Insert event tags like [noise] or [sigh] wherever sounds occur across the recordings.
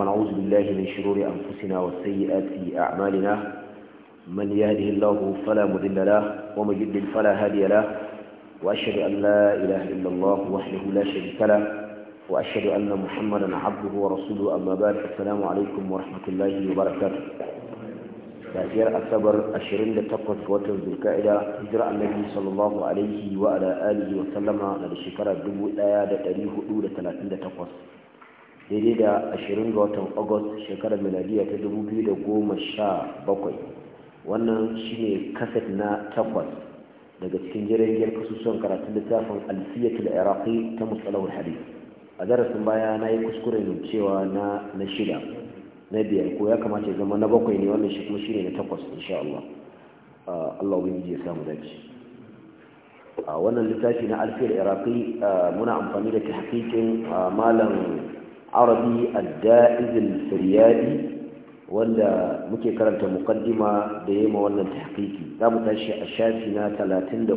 ونعوذ بالله من شرور أنفسنا وسيئات أعمالنا من يهده الله فلا مذل له ومن يضلل فلا هادي له وأشهد أن لا إله إلا الله وحده لا شريك له وأشهد أن محمدا عبده ورسوله أما بعد السلام عليكم ورحمة الله وبركاته تأثير أكبر أشرين لتقوى وتر ذو القاعدة هجرة النبي صلى الله عليه وعلى آله وسلم لشكرة دبو آية تاريخ أولى 30 تقوى daidai da 20 ga watan agusta shekarar miladiya ta da goma bakwai wannan shine kaset na takwas daga cikin jirgin kasusuwan karatun littafin alfiyatul iraqi ta musalahul hadith a darasin baya na yi kuskuren cewa na shida na biyar ko ya kamata zama na bakwai ne wannan shi kuma ne na takwas insha Allah Allah ubangiji ya samu dace wannan littafi na alfiyar iraqi muna amfani da ta tahqiqin malam arabi al-da'iz al-firyadi wanda muke karanta mukaddima da yema wannan tahqiqi zamu tashi a shafi na 33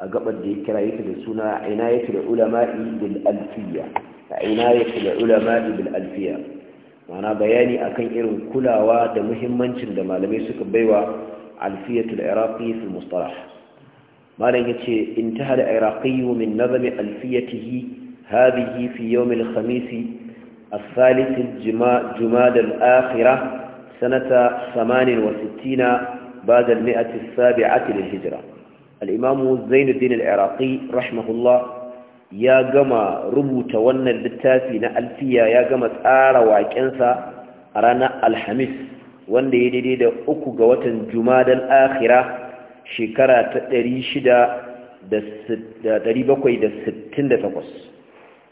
a gabar da ya kira yake da suna inayatu ina ulama'i bil alfiya inayatu da ulama'i bil alfiya ma'ana bayani akan irin kulawa da muhimmancin da malamai suka baiwa alfiyatul iraqi fi mustalah malam yace intaha al-iraqi min nazami alfiyatihi هذه في يوم الخميس الثالث جماد الآخرة سنة ثمان وستين بعد المئة السابعة للهجرة الإمام زين الدين العراقي رحمه الله يا جما ربوت ون للتافي نألفية يا جما تآر وعكنسا رانا الحميس وان دي دي دي, دي أكو جوات جماد الآخرة شكرة تريشدا da 768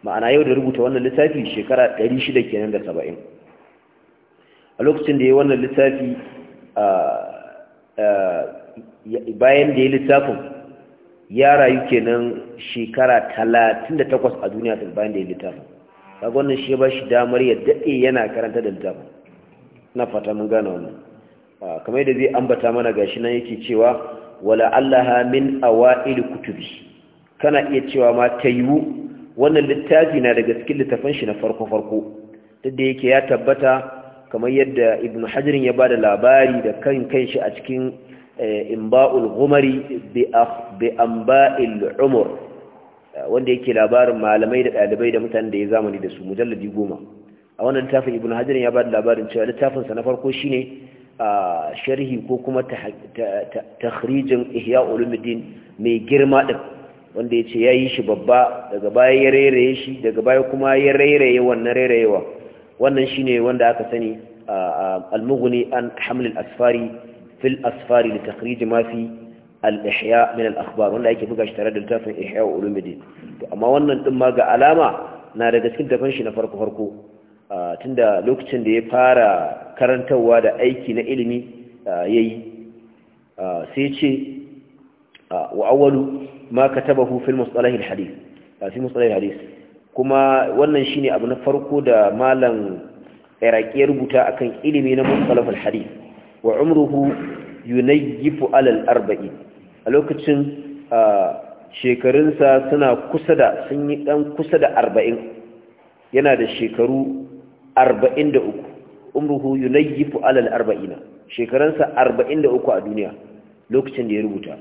ma'ana yau da rubuta wannan littafi shekara 600 kenan da 70 a lokacin da ya wannan littafi bayan da ya littafin ya rayu kenan shekara 38 a duniya bayan da ya littafin kaga wannan shi ba shi damar ya daɗe yana karanta da littafin na fata mun gane wannan kamar yadda zai ambata mana gashi nan yake cewa wala allaha min awa'il kutubi kana iya cewa ma ta yiwu wannan littafi na daga cikin littafin shi na farko-farko duk yake ya tabbata kamar yadda ibn hajarin ya ba da labari da kan shi a cikin eh, imba'ul gumari bi amba'il umar wanda yake labarin malamai da dalibai da mutane da ya zamani da su mujalladi goma a wannan littafin ibn hajarin ya bada da labarin cewa littafinsa na farko shine sharhi ko kuma tahrijin ihya ulumuddin mai girma din wanda ya ce ya yi shi babba daga baya ya rairaye shi daga baya kuma ya rairaye wannan rairayewa wannan shi ne wanda aka sani almuguni an hamlil asfari fil asfari da takriji fi al-ihya min al-akhbar wanda ake buga shi tare da littafin ihya wa ulumuddin to amma wannan din ma ga alama na daga cikin tafan shi na farko farko tunda lokacin da ya fara karantarwa da aiki na ilimi yayi sai ce wa awwalu ma katabahu fil mustalahi alhadith fi mustalahi alhadith kuma wannan shine abu na farko da malam iraki ya rubuta akan ilimi na mustalah alhadith wa umruhu yunayyifu alal arba'in. a lokacin shekarunsa suna kusa da sun yi dan kusa da arba'in yana da shekaru arba'in da uku umruhu yunayyifu alal arba'ina shekarunsa arba'in da uku a duniya lokacin da ya rubuta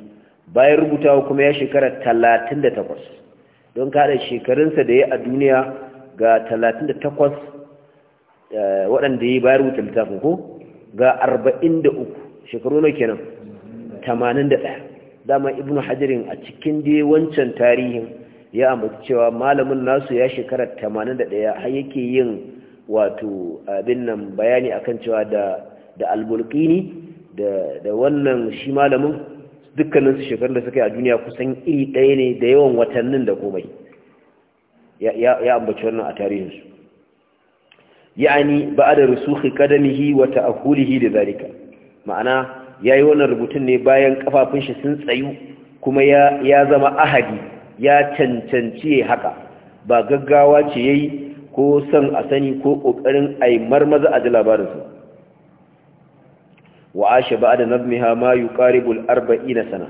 bayan rubutawa kuma ya shekara talatin da takwas don kada shekarunsa da ya a duniya ga talatin da takwas eh, waɗanda ya bayan rubuta littafin ko ga arba'in da uku shekaru na kenan tamanin da ɗaya dama ibn hajarin a cikin dai wancan tarihin ya ambaci cewa malamin nasu ya shekara tamanin da ɗaya har yake yin wato abin nan bayani akan cewa da da albulkini da wannan shi malamin dukkanin su shekarun da suka yi a duniya kusan iri ɗaya ne da yawan watannin da komai ya ambaci wannan a tarihinsu ya'ani ba da rusuhi kadamihi wata akulihi da zarika ma'ana ya yi wannan rubutun ne bayan kafafun shi sun tsayu kuma ya zama ahadi ya cancanci ya haka ba gaggawa ce yayi ko son a sani ko ƙoƙarin a yi marmaza a ji labarinsu. wa ashe da nazmiha ma yuqaribu al sana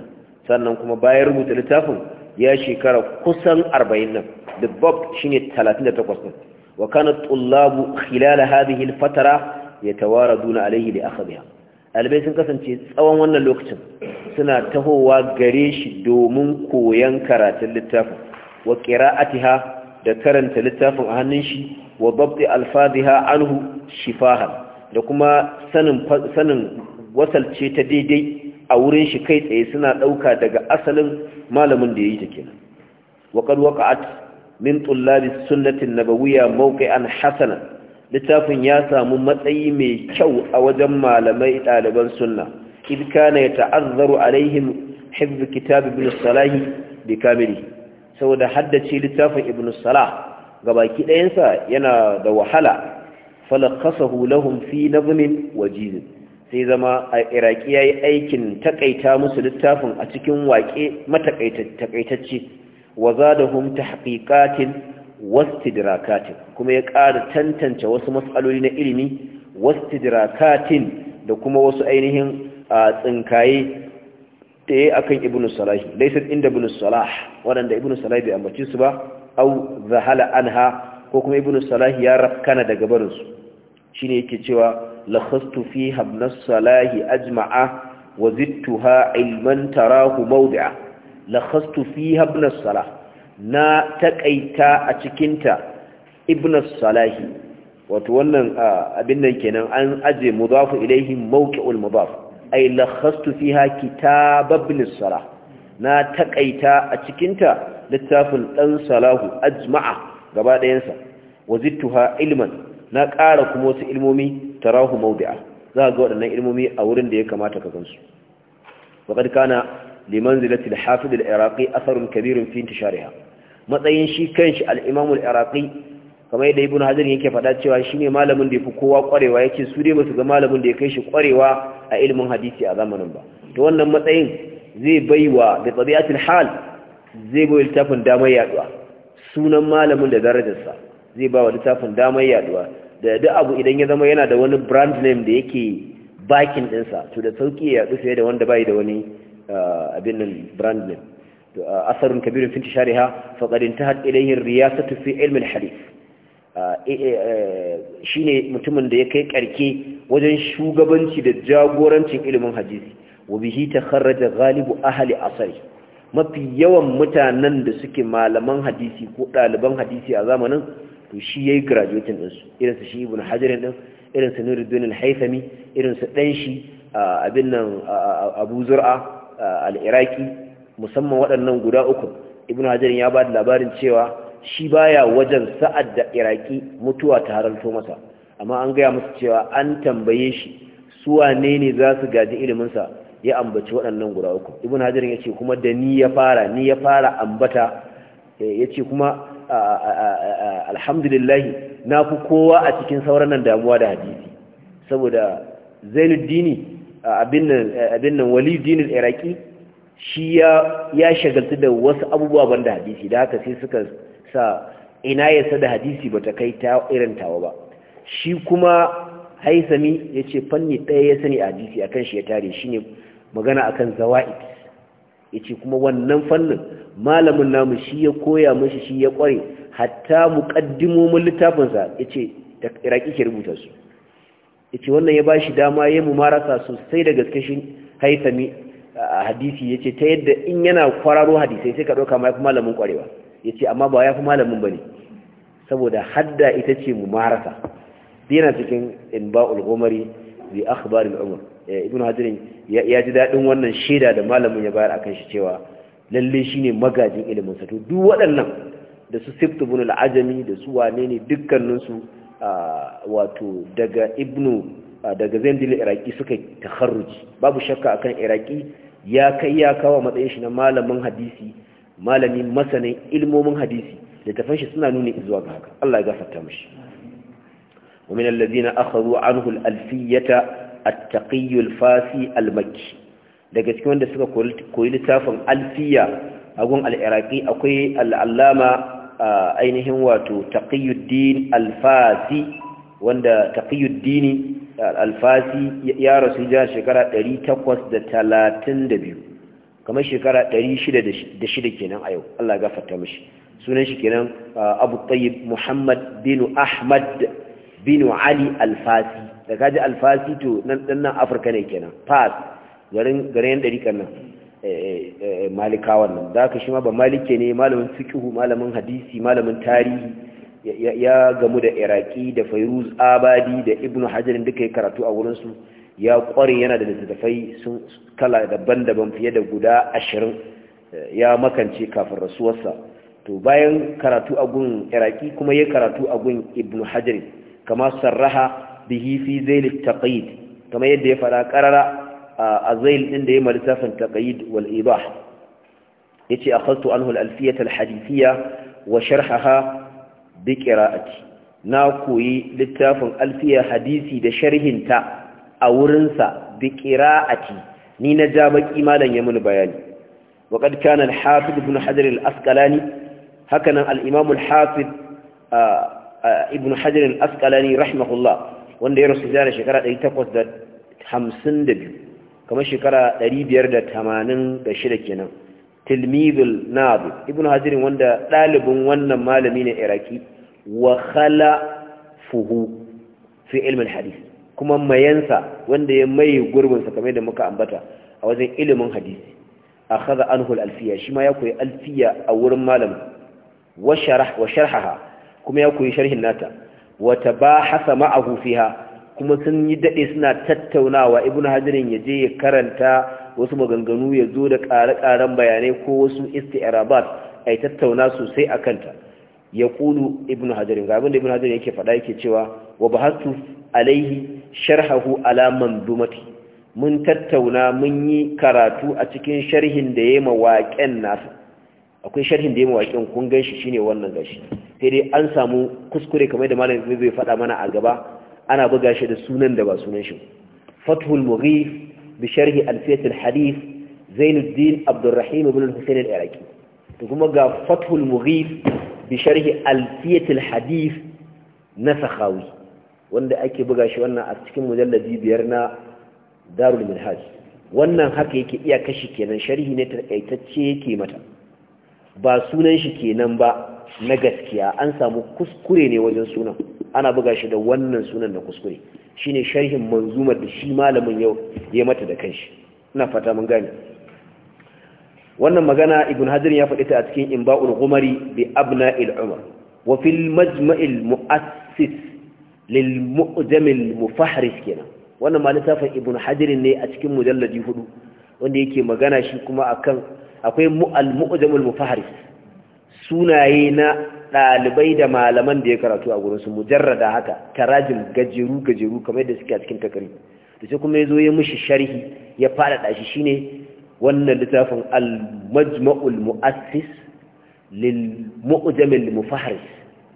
sannan kuma bayan rubuta littafin ya shekara kusan 40 nan the bob shine 38 din wa kana tullabu khilal hadhihi al-fatara yatawaraduna alayhi li akhadha albai sun kasance tsawon wannan lokacin suna tahowa gare shi domin koyan karatun littafin wa qira'atiha da karanta littafin a hannun shi wa dabti alfadhiha anhu shifahan da kuma sanin sanin wasalce ce ta daidai a wurin shi kai tsaye suna ɗauka daga asalin malamin da ya yi ta kenan waƙar waƙa'at min tullabi sunnatin nabawiya an hasana littafin ya samu matsayi mai kyau a wajen malamai ɗaliban sunna idh kana ta'azzaru alaihim hifz kitab ibn salahi bi kamili saboda haddace littafin ibn salah gabaki ɗayansa yana da wahala falakasahu lahum fi nazmin wajiz sai zama a iraki ya yi aikin takaita musu littafin a cikin waƙe matakaitacce wa za da hun ta haƙiƙatin wastidirakatin kuma ya ƙara tantance wasu matsaloli na ilimi wastidirakatin da kuma wasu ainihin a tsinkaye ta akan yi a kan ibn salahi laisar inda ibn salah waɗanda ibn salahi bai ambaci su ba au zahala anha ko kuma ibn salahi ya rafkana daga barinsu shi ne yake cewa lakhastu fi habna salahi ajma'a wa zidtuha ilman tarahu mawdi'a lakhastu fi habna salah na takaita a cikinta ibn salahi wato wannan abin nan kenan an aje mudafu ilaihi mawqi'ul mudaf ay lakhastu fiha kitab ibn salah na taƙaita a cikinta littafin dan salahu ajma'a gaba ɗayansa wazittuha ilman na ƙara kuma wasu ilmomi tarahu mawdi'a za ga waɗannan ilmomi a wurin da ya kamata ka gansu faqad kana limanzilati al-hafiz al-iraqi atharun kabirun fi intishariha matsayin shi kanshi al-imam al-iraqi kamar yadda ibn hajar yake faɗa cewa shine malamin da yafi kowa kwarewa yake su dai basu ga malamin da ya kai shi kwarewa a ilimin hadisi a zamanin ba to wannan matsayin zai baiwa da tabi'atul hal zai bayar littafin damar yaduwa sunan malamin da darajarsa zai ba wa littafin damar yaduwa da duk abu idan ya zama yana da wani brand name da yake bakin ɗinsa to da sauki ya tsufe da wanda bai da wani uh, abin nan brand name to uh, asarun kabirin fi tishariha faqad intahat ilayhi riyasatu fi ilm al uh, eh, eh, shine mutumin da ya kai karke wajen shugabanci da jagorancin ilimin hadisi wa bihi takharraja ghalibu ahli asari mafi yawan mutanen da suke malaman hadisi ko ɗaliban hadisi a zamanin to shi yayi graduating din su irin su shi ibn hajar din irin su nuruddin al-haythami irin su dan shi abin nan abu zur'a al-iraqi musamman waɗannan guda uku ibn hajar ya ba da labarin cewa shi baya wajen sa'ad da iraqi mutuwa ta haranto masa amma an gaya musu cewa an tambaye shi su wane ne za su gaji iliminsa ya ambaci waɗannan guda uku ibn hajar ya ce kuma da ni ya fara ni ya fara ambata eh, ya kuma alhamdulillah na fi kowa a cikin sauran nan damuwa da hadisi saboda zainuddini abin nan walidinin iraki shi ya shagaltu da wasu abubuwa banda hadisi da haka sai suka sa ina yasa da hadisi ba ta kai ta irin tawa ba shi kuma haisami ya ce fanni ɗaya ya sani a hadisi akan shi ya tare shi ne magana akan zawa'id yace kuma wannan fannin malamin namu shi ya koya mishi shi ya kware hatta mu littafin sa yace iraki ke rubuta su yace wannan ya ba shi dama ya mu marasa sosai da gaske shi a hadisi yace ta yadda in yana kwararo hadisi sai ka dauka mai malamin kwarewa yace amma ba ya fi malamin bane saboda hadda ita ce mu marasa. yana cikin inba'ul umari bi al umar Eh, ibn hajjirin ya ji daɗin wannan shaida da malamin ya bayar a kan shi cewa lalle shi ne magajin ilimin sato duk waɗannan da su siftu bin al'ajami da su wane ne dukkaninsu wato daga ibnu daga zendil iraki suka taharruji babu shakka akan iraki ya kai ya kawo matsayin shi na malamin hadisi malamin masanin ilmomin hadisi littafan shi suna nuni zuwa ga haka Allah ya gafarta mashi ومن الذين أخذوا عنه الألفية attaqiyul fasi al-makki daga cikin wanda suka koyi littafin alfiya a gun al-iraqi akwai al-allama ainihin wato taqiyuddin al-fasi wanda taqiyuddin al-fasi ya rasu ja shekara 832 kamar shekara 606 kenan a yau Allah ya gafarta mishi sunan shi kenan Abu Tayyib Muhammad bin Ahmad Binu ali alfasi da kaji alfasi to nan afirka ne kenan fas garin garin dariƙan eh, eh, eh malikawan nan da ka shi ma ba malike ne malamin fikihu malamin hadisi malamin tarihi ya gamu da iraki da Fayruz abadi da ibnu Hajar duka ya karatu a su ya kware yana da littattafai sun kala daban-daban fiye da guda ashirin eh, ya makance kafin rasuwarsa to bayan karatu a gun iraki kuma ya karatu a gun ibnu hajarin kama sarraha bihi fi zail taqid kama yadda ya fara karara a zail din da ya malitafin taqid wal idah yace akhadtu anhu al alfiyah al hadithiyya wa sharhaha bi qira'ati na koyi littafin alfiya hadisi da sharhinta a wurinsa bi qira'ati ni na ja baki malan ya muni bayani wa qad kana al hafiz ibn hajar al asqalani hakanan al imam al hafiz ibn hajar askalani rahimahullah wanda ya rasu da shekara 852 kamar shekara 586 kenan tilmidul nabi ibn hajar wanda dalibin wannan malami ne iraki wa fuhu fi ilmin hadith kuma mayansa wanda ya mai gurbinsa kamar da muka ambata a wajen ilimin hadisi akhadha anhu al-alfiya shi ma ya koyi alfiya a wurin malamin wa sharh wa sharhaha kuma ya koyi sharhin nata wa tabahasa ma'ahu fiha kuma sun yi daɗe suna tattaunawa ibnu hajarin ya je ya karanta wasu maganganu ya zo da ƙare-ƙaren bayanai ko wasu isti'rabat ai tattauna sosai a kanta. ya kulu ibnu hajarin ga abinda Ibn ibnu yake faɗa yake cewa wa bahasu alaihi sharhahu ala dumati mun tattauna mun yi karatu a cikin sharhin da yayi mawaƙen nasa akwai sharhin da ya mawaƙin kun gan shi shine wannan gashi sai dai an samu kuskure kamar da malam ibnu zai faɗa mana a gaba ana buga shi da sunan da ba sunan shi fathul mughif bi sharhi alfiyat alhadith zainuddin abdurrahim ibn al-husayn al-iraqi to kuma ga fathul mughif bi sharhi alfiyat alhadith nasakhawi wanda ake buga shi wannan a cikin mujalladi biyar na darul minhaj wannan haka yake iya kashi kenan sharhi ne takaitacce yake mata ba sunan shi kenan ba na gaskiya an samu kuskure ne wajen sunan ana buga shi da wannan sunan na kuskure shine sharhin manzumar da shi malamin yau ya mata da kanshi ina fata mun gane wannan magana ibn hajar ya faɗi ta a cikin imba'ul gumari bi abna'il umar wa fil majma'il mu'assis lil mu'jamil mufahris kenan wannan ma littafin ibn hajar ne a cikin mujalladi hudu wanda yake magana shi kuma akan akwai al-mu'jamul mufaharis sunaye na ɗalibai da malaman da ya karatu a gurin su mujarrada haka tarajim gajeru gajeru kamar da suke a cikin takari da sai kuma zo ya mushi sharhi ya fada shi shine wannan littafin al-majma'ul mu'assis lil mu'jamil mufaharis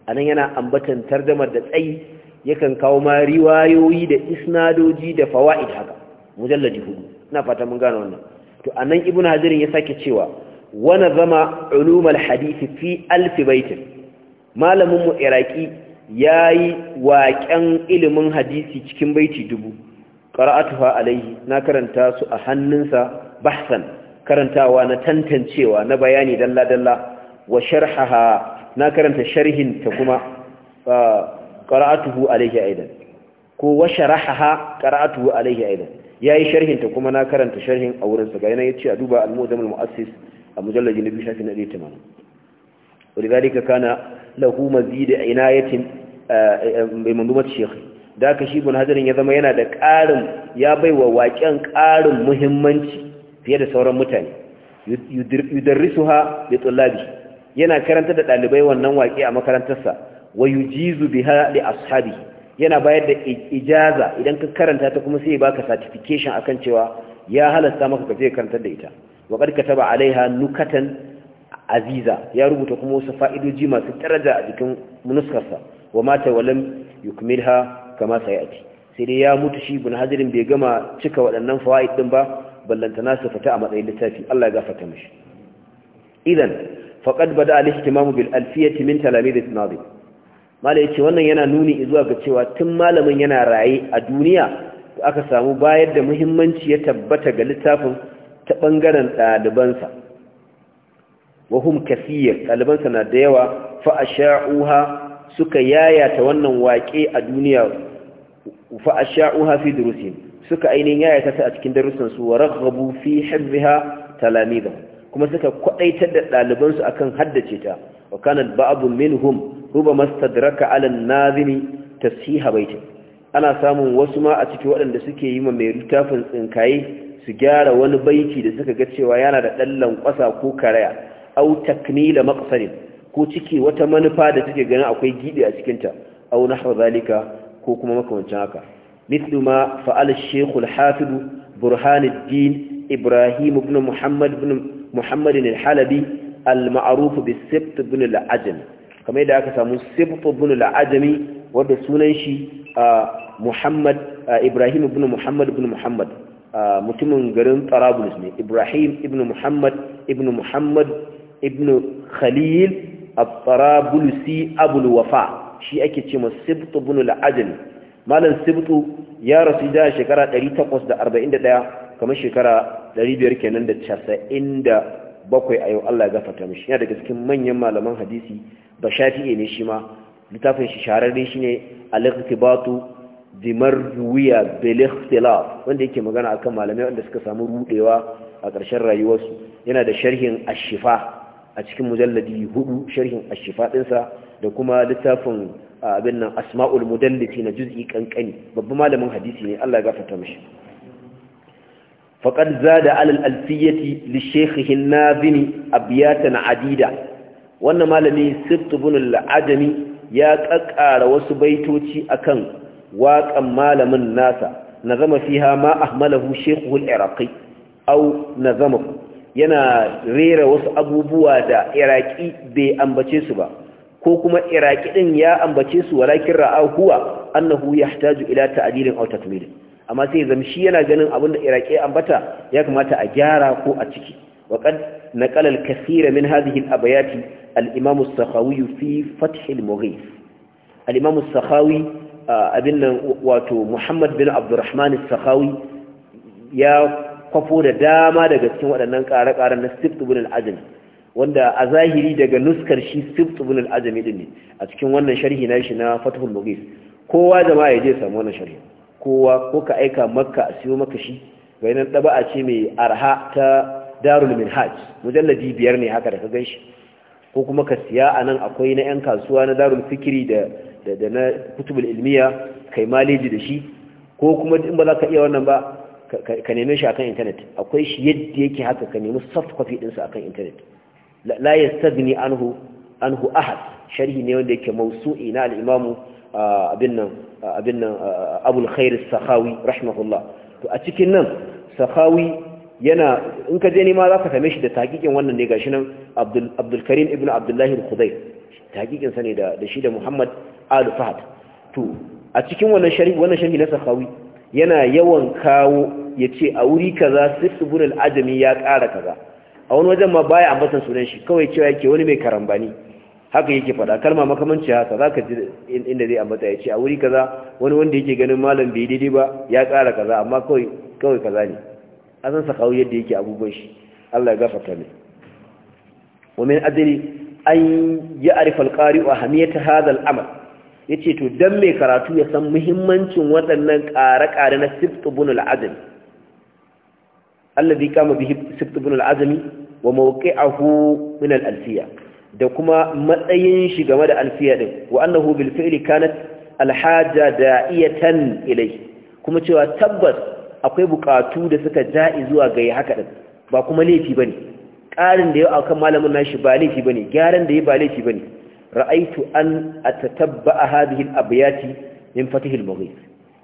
anan yana ambatan tarjumar da tsayi yakan kawo ma riwayoyi da isnadoji da fawaid haka mujalladi hudu ina fata mun gane wannan to anan ibnu Hadirin ya sake cewa wana zama ulumul hadisi fi alf baitin malamin mu iraki yayi waƙen ilimin hadisi cikin baiti dubu qara'atuha alaihi na karanta su a hannunsa bahsan karantawa na tantancewa na bayani dalla dalla wa sharhaha na karanta sharhin ta kuma qara'atuhu alaihi aidan ko wa sharahaha qara'atuhu alaihi aidan ya yi sharhin ta kuma na karanta sharhin a wurinsa ga yanayi ce a duba al-mu'jam al-mu'assis a mujallaji na biyu shafi na ɗaya tamanin ولذلك كان له مزيد عناية بمنظومة الشيخ da ka shi bin hajarin ya zama yana da ƙarin ya bai wa waƙen ƙarin muhimmanci fiye da sauran mutane yudarrisu ha da tsullabi yana karanta da ɗalibai wannan waƙe a makarantarsa wa yujizu biha da ashabi yana bayar da ijaza idan ka karanta ta kuma sai baka certification akan cewa ya halasta maka kaje karantar da ita wa qad kataba alaiha nukatan aziza ya rubuta kuma wasu fa'idoji masu daraja a jikin munuskarsa wa mata walam yukmilha kama sayati sai dai ya mutu shi ibn hajarin bai gama cika waɗannan fawaid din ba ballantana su fita a matsayin littafi Allah ya gafarta mishi idan faqad bada al-ihtimamu bil alfiyati min talamid an mala ya ce wannan yana nuni zuwa ga cewa tun malamin yana raye a duniya aka samu bayar da muhimmanci ya tabbata ga littafin ta ɓangaren ɗalibansa wahum kasiyar ɗalibansa na da yawa fa'asha'uha suka yayata wannan waƙe a duniya fa'asha'uha fi durusin suka ainihin yayata ta a cikin darussan su wa raghabu fi hibbiha talamidan kuma suka kwadaitar da ɗalibansu akan haddace ta wa kana ba'dhu minhum ruba mastadraka ala nazimi tasiha baitin ana samun wasu ma a cikin waɗanda suke yi ma mai littafin tsinkaye su gyara wani baiti da suka ga cewa yana da ɗallan ƙwasa ko karaya au takmila maqsadin ko ciki wata manufa da suke ganin akwai gidi a cikin ta au nahwa zalika ko kuma makamancin haka mithlu ma fa'al ash-shaykh al-hafiz burhanuddin ibrahim ibn muhammad ibn muhammad al-halabi al-ma'ruf bis-sibt ibn al kamar yadda aka samu sibtu ibn al-ajami wanda sunan shi Muhammad Ibrahim ibn Muhammad ibn Muhammad mutumin garin tarabulus ne Ibrahim ibn Muhammad ibn Muhammad ibn Khalil at abu al Wafa shi ake ce masa sibtu ibn al-ajami malam sibtu ya rasu da shekara 841 kamar shekara 500 kenan da 97 a yau Allah ya gafarta mishi yana daga cikin manyan malaman hadisi ba shafi'e ne shi ma littafin shi shahararre shi ne al-iqtibatu bi marwiya bil ikhtilaf wanda yake magana akan malamai wanda suka samu rudewa a ƙarshen rayuwarsu yana da sharhin ashifa a cikin mujalladi hudu sharhin ashifa ɗinsa da kuma littafin abin nan asma'ul mudallisi na juz'i kankani babban malamin hadisi ne Allah ya gafarta mishi faqad zada al-alfiyati li shaykhihi an-nazimi abyatan adida wannan malami sibt ibn al ya kakkara wasu baitoci akan waƙan malamin nasa nazama fiha ma ahmalahu shaykhu al-iraqi aw nazamahu yana rera wasu abubuwa da iraki bai ambace su ba ko kuma iraki din ya ambace su walakin ra'a huwa annahu yahtaju ila ta'dilin aw amma sai zamshi yana ganin abinda iraki ambata ya kamata a gyara ko a ciki وقد نقل الكثير من هذه الأبيات الإمام السخاوي في فتح المغيث الإمام السخاوي أبن واتو محمد بن عبد الرحمن السخاوي يا قفور داما دا قسم وأننا نقارا قارا نستبت بن العجم wanda a zahiri daga nuskar shi sibt ibn ne a cikin wannan sharhi na shi na fathul mughis kowa jama'a ya je samu wannan sharhi kowa ko ka aika maka a siyo maka shi bayanan daba'a ce mai arha ta darul minhaj mujalladi biyar ne haka da ka ganshi ko kuma ka siya anan akwai na 'yan kasuwa na darul fikiri da na kutubul ilmiya kai maleji da shi ko kuma in ba za ka iya wannan ba ka neme shi akan intanet akwai shi yadda yake haka ka nemi soft copy ɗinsa akan intanet la yastagni anhu anhu ahad sharhi ne wanda yake mausu'i na al-imamu abin nan abin nan abul khair as-sakhawi rahimahullah to a cikin nan sakhawi yana in ka je nema za ka same shi da taƙiƙin wannan ne ga shi nan abdulkarim ibn abdullahi al-khudai taƙiƙin ne da shi da muhammad al-fahad to a cikin wannan sharhi wannan na sahawi yana yawan kawo ya ce a wuri kaza sifibun al-ajami ya ƙara kaza a wani wajen ma baya ambatan sunan shi kawai cewa yake wani mai karambani haka yake faɗa kalma makamanci haka za ka ji inda zai ambata ya ce a wuri kaza wani wanda yake ganin malam bai daidai ba ya ƙara kaza amma kawai kaza ne san sakawi yadda yake abubuwan shi Allah ya gafarta mai wa min an ya'rif al-qari wa ahamiyat hadha al-amal yace to dan mai karatu ya san muhimmancin waɗannan ƙare-ƙare na sibt ibn Allah azmi kama bi sibt ibn wa mawqi'ahu min al-alfiya da kuma matsayin shi game da alfiya ɗin wa annahu bil fi'li kanat da iya da'iyatan ilai. kuma cewa tabbas akwai bukatu da suka ja'i zuwa ga haka din ba kuma laifi bane ƙarin da yau akan malamin nashi ba laifi bane gyaran da ya ba laifi bane ra'aitu an atatabba'a hadhihi al-abyati min fatihil mughis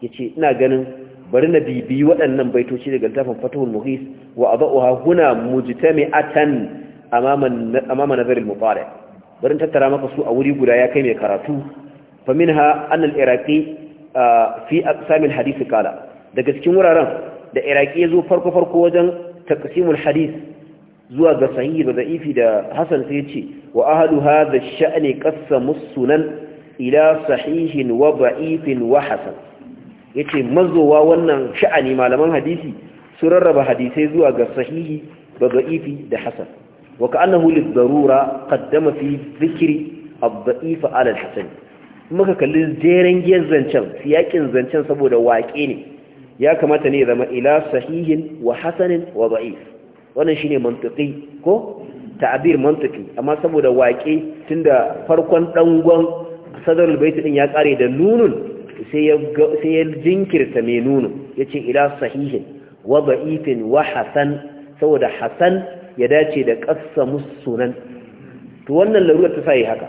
yace ina ganin bari na bibiyi waɗannan baitoci daga littafin fatihul mughis wa adaha huna mujtami'atan amama amama nazar al-mutari bari tattara maka su a wuri guda ya kai mai karatu fa minha an al-iraqi ah, fi aqsam al-hadith qala daga cikin wuraren da iraki ya zo farko-farko wajen taqsimul hadis, zuwa ga sahihi da da'ifi da sai ce wa ahadu hadha sha'ni qassamus sunan ila sahihin wa da'ifin wa hasan yace mazowa wannan sha'ani malaman hadisi sun rarraba hadisai zuwa ga sahihi da da'ifi da hasan wa ka'annahu lid-darura qaddama fi zikiri a daif 'ala Hassan. muka kalli jeren giyar zancen siyakin zancen saboda waƙe ne ya kamata ne zama ila sahihin wa hasanin wa da'if wannan shine mantiki ko ta'abir mantiki amma saboda waƙe tunda farkon dangon sadarul bait din ya kare da nunun sai ya sai ya jinkirta me nunun yace ila sahihin wa da'ifin wa hasan saboda hasan ya dace da qassamus sunan to wannan laruwar ta sai haka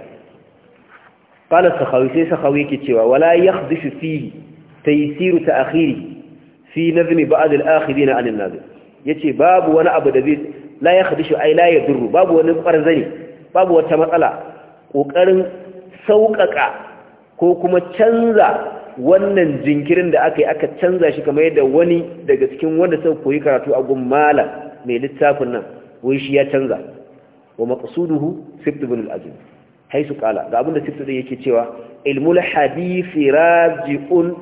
qala sakhawi sai sakhawi yake cewa wala yakhdishu fihi taysiru ta'khiri fi nazmi ba'd al-akhirin an an-nazim yace babu wani abu da zai la ya khadishu la yadurru babu wani barzani babu wata matsala kokarin sauƙaƙa ko kuma canza wannan jinkirin da aka yi aka canza shi kamar yadda wani daga cikin wanda suka koyi karatu a gun malam mai littafin nan wai shi ya canza wa maqsuduhu sibt ibn al-azim haisu qala ga abinda sibt din yake cewa ilmul hadith raji'un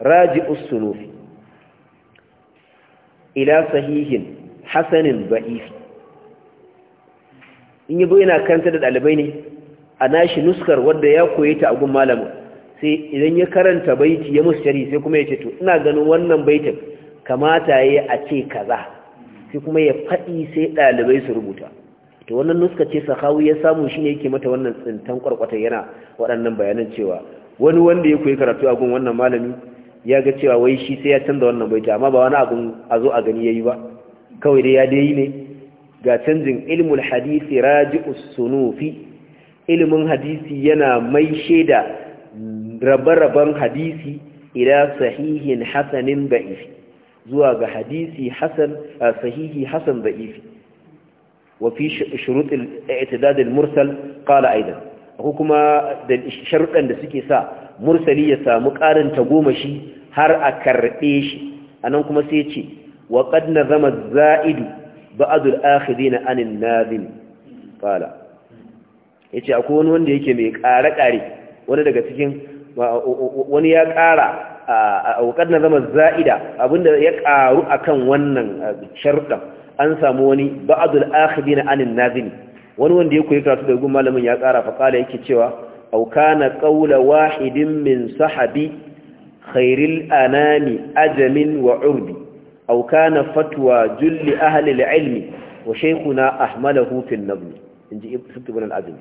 raji'us sunufi ila sahihin hasanin ba'if in yabo yana kanta da ɗalibai ne a nashi nuskar wadda ya koye ta a malamin sai idan ya karanta baiti ya musu shari sai kuma ya ce to ina ganin wannan baitin kamata ya a ce kaza sai kuma ya faɗi sai ɗalibai su rubuta to wannan nuska ce sahawi ya samu shine yake mata wannan tsintan kwarkwata yana waɗannan bayanan cewa wani wanda ya koyi karatu a gun wannan malami ya ga cewa wai shi sai ya canza wannan baiti amma ba wani abun a zo a gani yayi ba kawai dai ya dai ne ga canjin ilmul hadisi raji'us sunufi ilmin hadisi yana mai shaida rabe-raben hadisi ila sahihin hasanin da'ifi zuwa ga hadisi hasan sahihi hasan da'ifi wa fi shurutul i'tidad mursal qala aidan ko kuma da sharuɗan da suke sa mursali ya samu ƙarin tagomashi har a karɓe shi a nan kuma sai ce wa ƙad na zama za'idu ba'adul akhiri na anin nazin fala ya ce akwai wani wanda yake mai ƙare-ƙare wani daga cikin wani ya ƙara a ƙad na zama za'ida abinda ya ƙaru a kan wannan sharɗa an samu wani ba'adul akhiri na anin nazin wani wanda ya koyi karatu da gun malamin ya ƙara faƙala yake cewa auka na قول واحد min sahabi khairil anani ajamin wa أو auka na fatwa julli العلم وشيخنا أحمله في النظم inji ibn al-azmi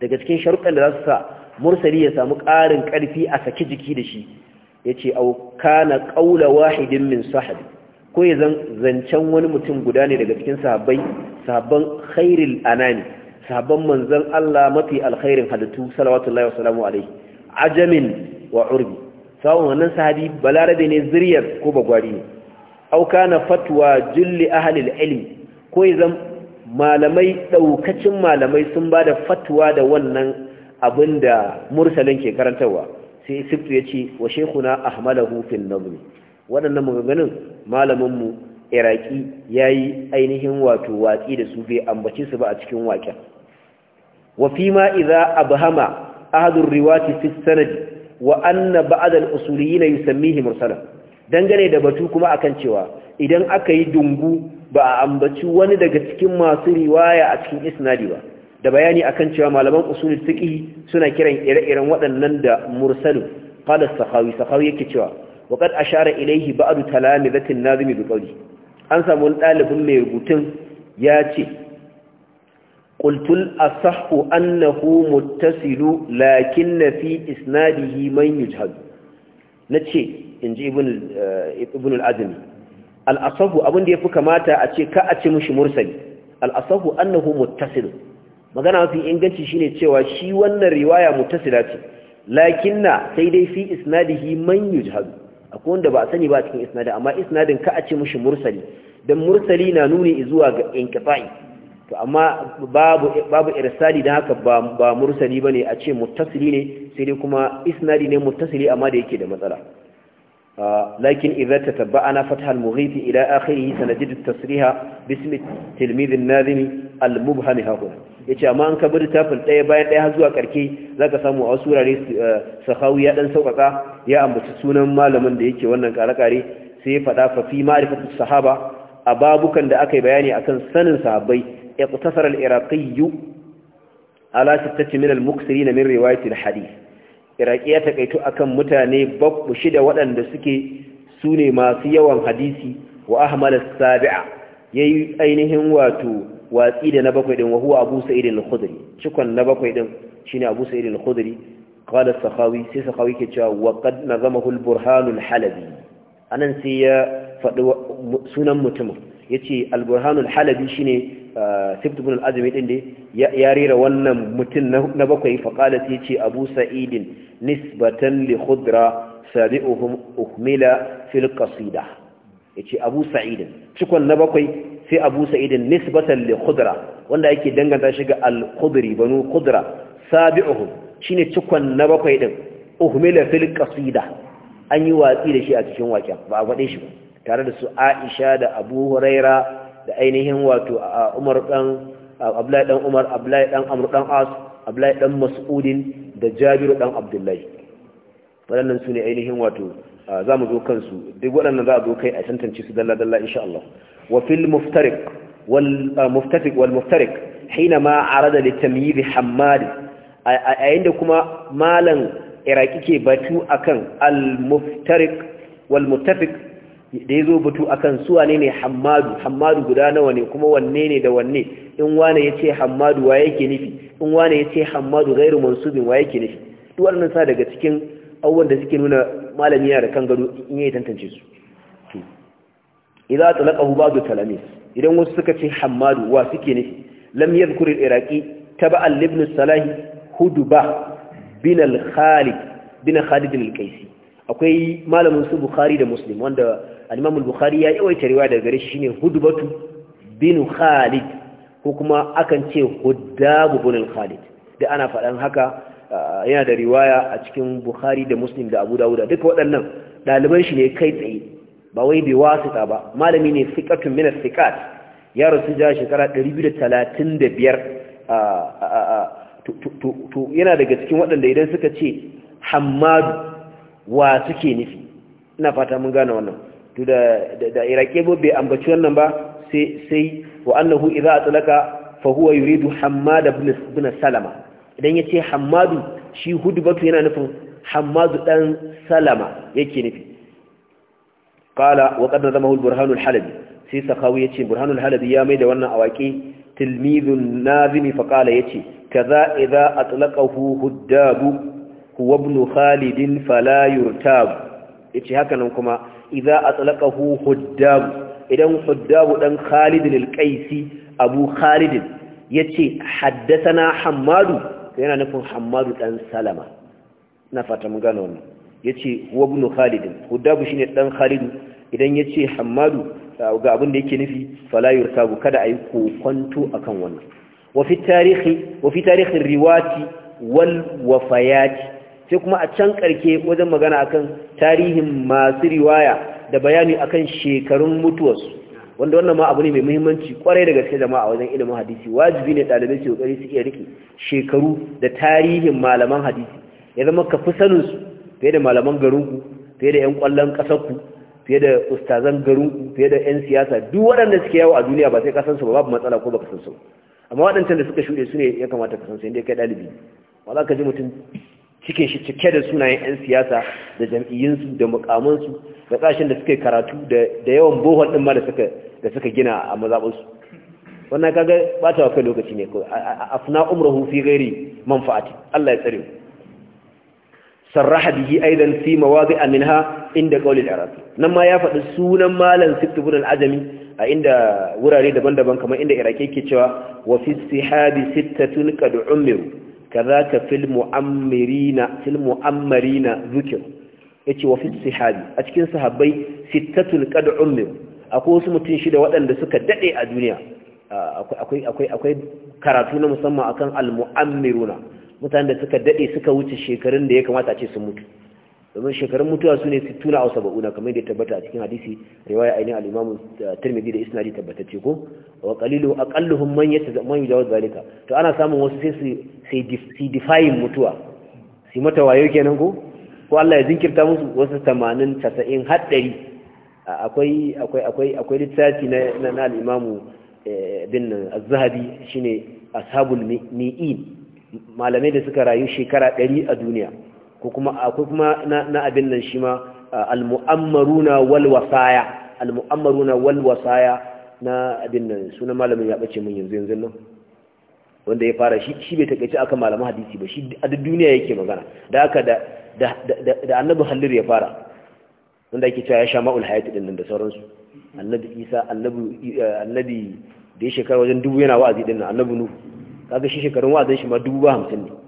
daga cikin sharuɗan da za su sa mursali ya samu ƙarin ƙarfi a saki jiki da shi yace au kana qaula wahidin min sahabi ko ya zancen wani mutum guda ne daga cikin sahabbai khairil anani sahabban manzon Allah mafi alkhairin halittu salawatullahi wasalamu alaihi ajamin wa urbi sawun wannan sahabi balarabe ne ziryar ko bagwari ne au kana fatwa julli ahli ilimi. ko idan malamai daukacin malamai sun bada fatwa da wannan abinda mursalin ke karantarwa. sai sibtu yace wa shaykhuna ahmalahu fil nazm wannan maganganun malamin mu iraki yayi ainihin wato watsi da su bai ambace su ba a cikin waken wa fi ma idza abhama ahad ar-riwati fi sanad wa anna ba'd al-usuliyin yusammihi dangane da batu kuma akan cewa idan aka yi dungu ba a ambaci wani daga cikin masu riwaya a cikin isnadi ba da bayani akan cewa malaman usulul fiqh suna kiran ire-iren waɗannan da mursalu qala sakhawi sakhawi yake cewa wa qad ashara ilayhi ba'd talamizatin nazimi bi qawli an samu wani ɗalibin mai rubutun ya ce قلت الأصح أنه متصل لكن في إسناده من يجهد نتشي إنجي ابن, ابن العزمي الأصح أبن دي فك أتشي كأتشي مش مرسل الأصح أنه متصل magana mafi inganci shine cewa shi wannan riwaya mutasila ce lakinna sai dai fi isnadihi man yujhad akwai wanda ba a sani ba cikin isnadin amma isnadin ka a ce mushi mursali dan mursali na nuni zuwa ga inqita'i to amma babu babu irsali dan haka ba ba mursali bane a ce muttasili ne sai dai kuma isnadi ne muttasili amma da yake da matsala ah, lakin idza tatabba'ana fatha al-mughith ila akhirih sanajid at-tasriha bism tilmidh an-nazimi al-mubham hahu yace amma an kabar tafil daya bayan daya har zuwa karke zaka samu a wasu wurare eh, sahawi ya dan saukaka ya ambaci sunan malamin da yake wannan karakare sai ya fada fa fi ma'rifatu sahaba a babukan da aka yi bayani akan sanin sahabbai اقتصر العراقي على ستة من المكسرين من رواية الحديث إراقية تقيتو أكم متاني بب شدة ودن دسكي سوني ما سيوا حديثي وأهمل السابعة يي أينهم واتو واتيد نبقى وهو أبو سعيد الخضري شكرا نبقى شين أبو سعيد الخضري قال السخاوي سي سخاوي كتشا وقد نظمه البرهان الحلبي أنا نسي فدو سنن متمر يتي البرهان الحلبي شيني sibt ibn al-azmi din ya rera wannan mutum na bakwai faqala sai ce abu sa'idin nisbatan li khudra sabi'uhum uhmila fil qasida ce abu sa'idin cikon na bakwai sai abu sa'idin nisbatan li khudra wanda yake danganta shiga ga al-khudri banu khudra sabi'uhum shine cikon na bakwai din uhmila fil qasida an yi watsi da shi a cikin waken ba a faɗe shi ba tare da su Aisha da Abu Huraira da ainihin wato a Umar dan Abdullahi dan Umar Abdullahi dan Amr dan As Abdullahi dan Mas'udin da Jabiru dan Abdullahi waɗannan su ne ainihin wato za mu zo kansu duk waɗannan za a zo kai a tantance su dalla dalla insha Allah wa fil muftariq wal muftatiq wal muftariq hina ma arada li tamyiz hammad ayin da kuma malam iraki ke batu akan al muftariq wal muttafiq da ya zo batu akan suwa ne ne hamadu hamadu guda nawa ne kuma wanne ne da wanne in wane ya ce hamadu wa yake nufi in wane ya ce hamadu gairu mansubin wa yake nufi duk nan sa daga cikin abubuwan da suke nuna malami yana da kan gado in yi tantance su idan talaqahu ba'du talamis idan wasu suka ce hamadu wa suke nufi lam yadhkur iraki iraqi taba ibn salah hudba bin al akwai malamin su bukhari da muslim wanda al-imam al-bukhari ya yawaita riwaya daga gare shi shine hudbatu bin khalid ko kuma akan ce hudabu bin khalid da ana faɗan haka eh, yana da riwaya a cikin bukhari da muslim da abu dawuda duka waɗannan ɗaliban shi ne kai tsaye ba wai bai wasuta ba malami ne fiqatun min al-fiqat ya rasu ja shekara 235 ah, ah, ah, to yana daga cikin waɗanda idan suka ce hammadu wa suke nufi ina fata mun gane wannan to da iraki bai ambaci wannan ba sai wa annahu idza atlaka fa huwa yuridu hammad ibn salama idan yace hammadu shi hudbatu yana nufin hammadu dan salama yake nufi qala wa qad nazamahu al-burhan al-halabi sai sakawi yace burhan al-halabi ya mai da wannan awaki tilmidun nazimi fa qala yace kaza idza atlaqahu huddabu huwa ibn khalid fala yurtab yace haka nan kuma idza atlaqahu huddam idan huddam ɗan Khalid al-Qaisi Abu Khalid yace haddathana Hamadu, yana nufin Hamadu ɗan Salama na fata mun gano wannan yace huwa ibn Khalid huddam shine ɗan Khalidu idan yace Hammadu ga abin da yake nufi fala yursabu kada yi kokonto akan wannan wa tarihin tarihi riwati wal wafayati sai kuma a can karke wajen magana akan tarihin masu riwaya da bayani akan shekarun mutuwarsu wanda wannan ma abu ne mai muhimmanci kwarai da gaske jama'a wajen ilimin hadisi wajibi ne ɗalibai su kokari su iya rike shekaru da tarihin malaman hadisi ya zama ka fi sanin su fiye da malaman garinku fiye da 'yan kwallon ƙasarku fiye da ustazan garinku fiye da 'yan siyasa duk waɗanda suke yawo a duniya ba sai ka san su ba babu matsala ko baka san su amma waɗancan da suka shuɗe su ne ya kamata ka san su inda kai ɗalibi wala ka ji mutum cikin shi cike da sunayen 'yan siyasa da jam'iyyinsu da mukamansu da ƙasashen da suka karatu da yawan bohol ɗin ma da suka gina a mazaɓinsu wannan kaga ba ta kai lokaci ne ko funa umruhu fi ghairi manfaati Allah ya tsare sarraha bihi aidan fi mawadi'a minha inda qawli al-arabi nan ma ya faɗi sunan malam sittubun al-ajami a inda wurare daban-daban kamar inda iraki yake cewa wa fi sihabi sittatun qad umiru kazaka fil mu'ammirina fil mu'ammarina ya ce wa fi sahabi a cikin sahabbai sittatul qad ummir akwai wasu mutum shida waɗanda suka daɗe a duniya akwai karatu na musamman akan al mu'ammiruna mutanen da suka daɗe suka wuce shekarun da ya kamata ce sun mutu domin shekarun mutuwa su ne 60 a saba'una kamar da tabbata a cikin hadisi riwaya ainihin al'imamu imam eh, Tirmidhi da isnadi tabbatacce ko wa qalilu aqalluhum man yatazammanu yajawaz zalika to ana samun wasu sai su sai define mutuwa su mata wayo kenan ko ko Allah ya zinkirta musu wasu 80 casa'in har akwai littafi na na eh, bin zahabi shine ashabul mi'in malamai da suka rayu shekara 100 a duniya ko kuma akwai kuma na abin nan shi ma al-mu'ammaruna wal wasaya al-mu'ammaruna wal wasaya na abin nan sunan malamin ya bace mun yanzu yanzu nan wanda ya fara shi shi bai takaice akan malaman hadisi ba shi a duk duniya yake magana da haka da da annabi halir ya fara wanda yake cewa ya sha ma'ul hayati din nan da sauransu annabi isa annabi eh, annabi da ya shekara wajen dubu yana wa'azi din nan annabi nuhu kaga shi shekarun wa'azin shi ma dubu ba hamsin ne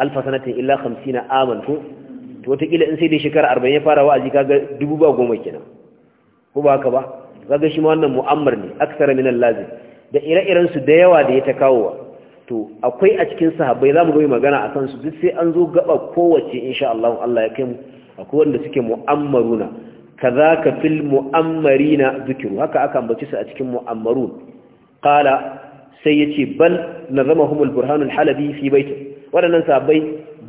alfa sanatin illa hamsina aman ko to wataƙila in sai dai shekara arba'in ya fara wa'azi kaga dubu ba goma kenan ko ba haka ba kaga shi wannan mu'ammar ne aksara minan allazim da ire-iren su da yawa da ya ta kawowa to akwai a cikin sahabbai zamu ga magana akan su duk sai an zo gaba kowace insha Allah Allah ya kai mu akwai wanda suke mu'ammaruna kazaka fil mu'ammarina zikiru haka aka ambace su a cikin mu'ammarun qala sai yace bal nazamahumul burhanul halabi fi waɗannan sabai,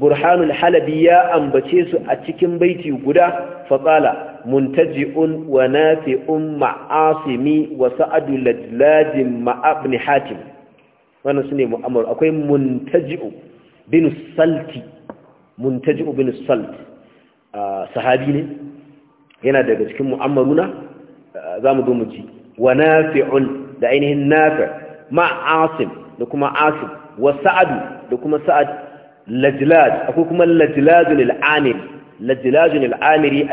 burhanul halabi ya ambace su a cikin baiti guda faƙala muntaji'un wa nafi'un ma'asimi wa sa'adu lajlajin ma'abni hatim wannan su ne mu'amur akwai muntaji'u bin salti muntaji'u bin salt ah, sahabi ne yana daga cikin mu'ammaruna ah, za mu zo mu ji wa nafi'un da ainihin nafi ma'asim da kuma asim wa sa'adu da kuma sa'ad lajlaj akwai kuma lajlajun al'amir lajlajun al'amiri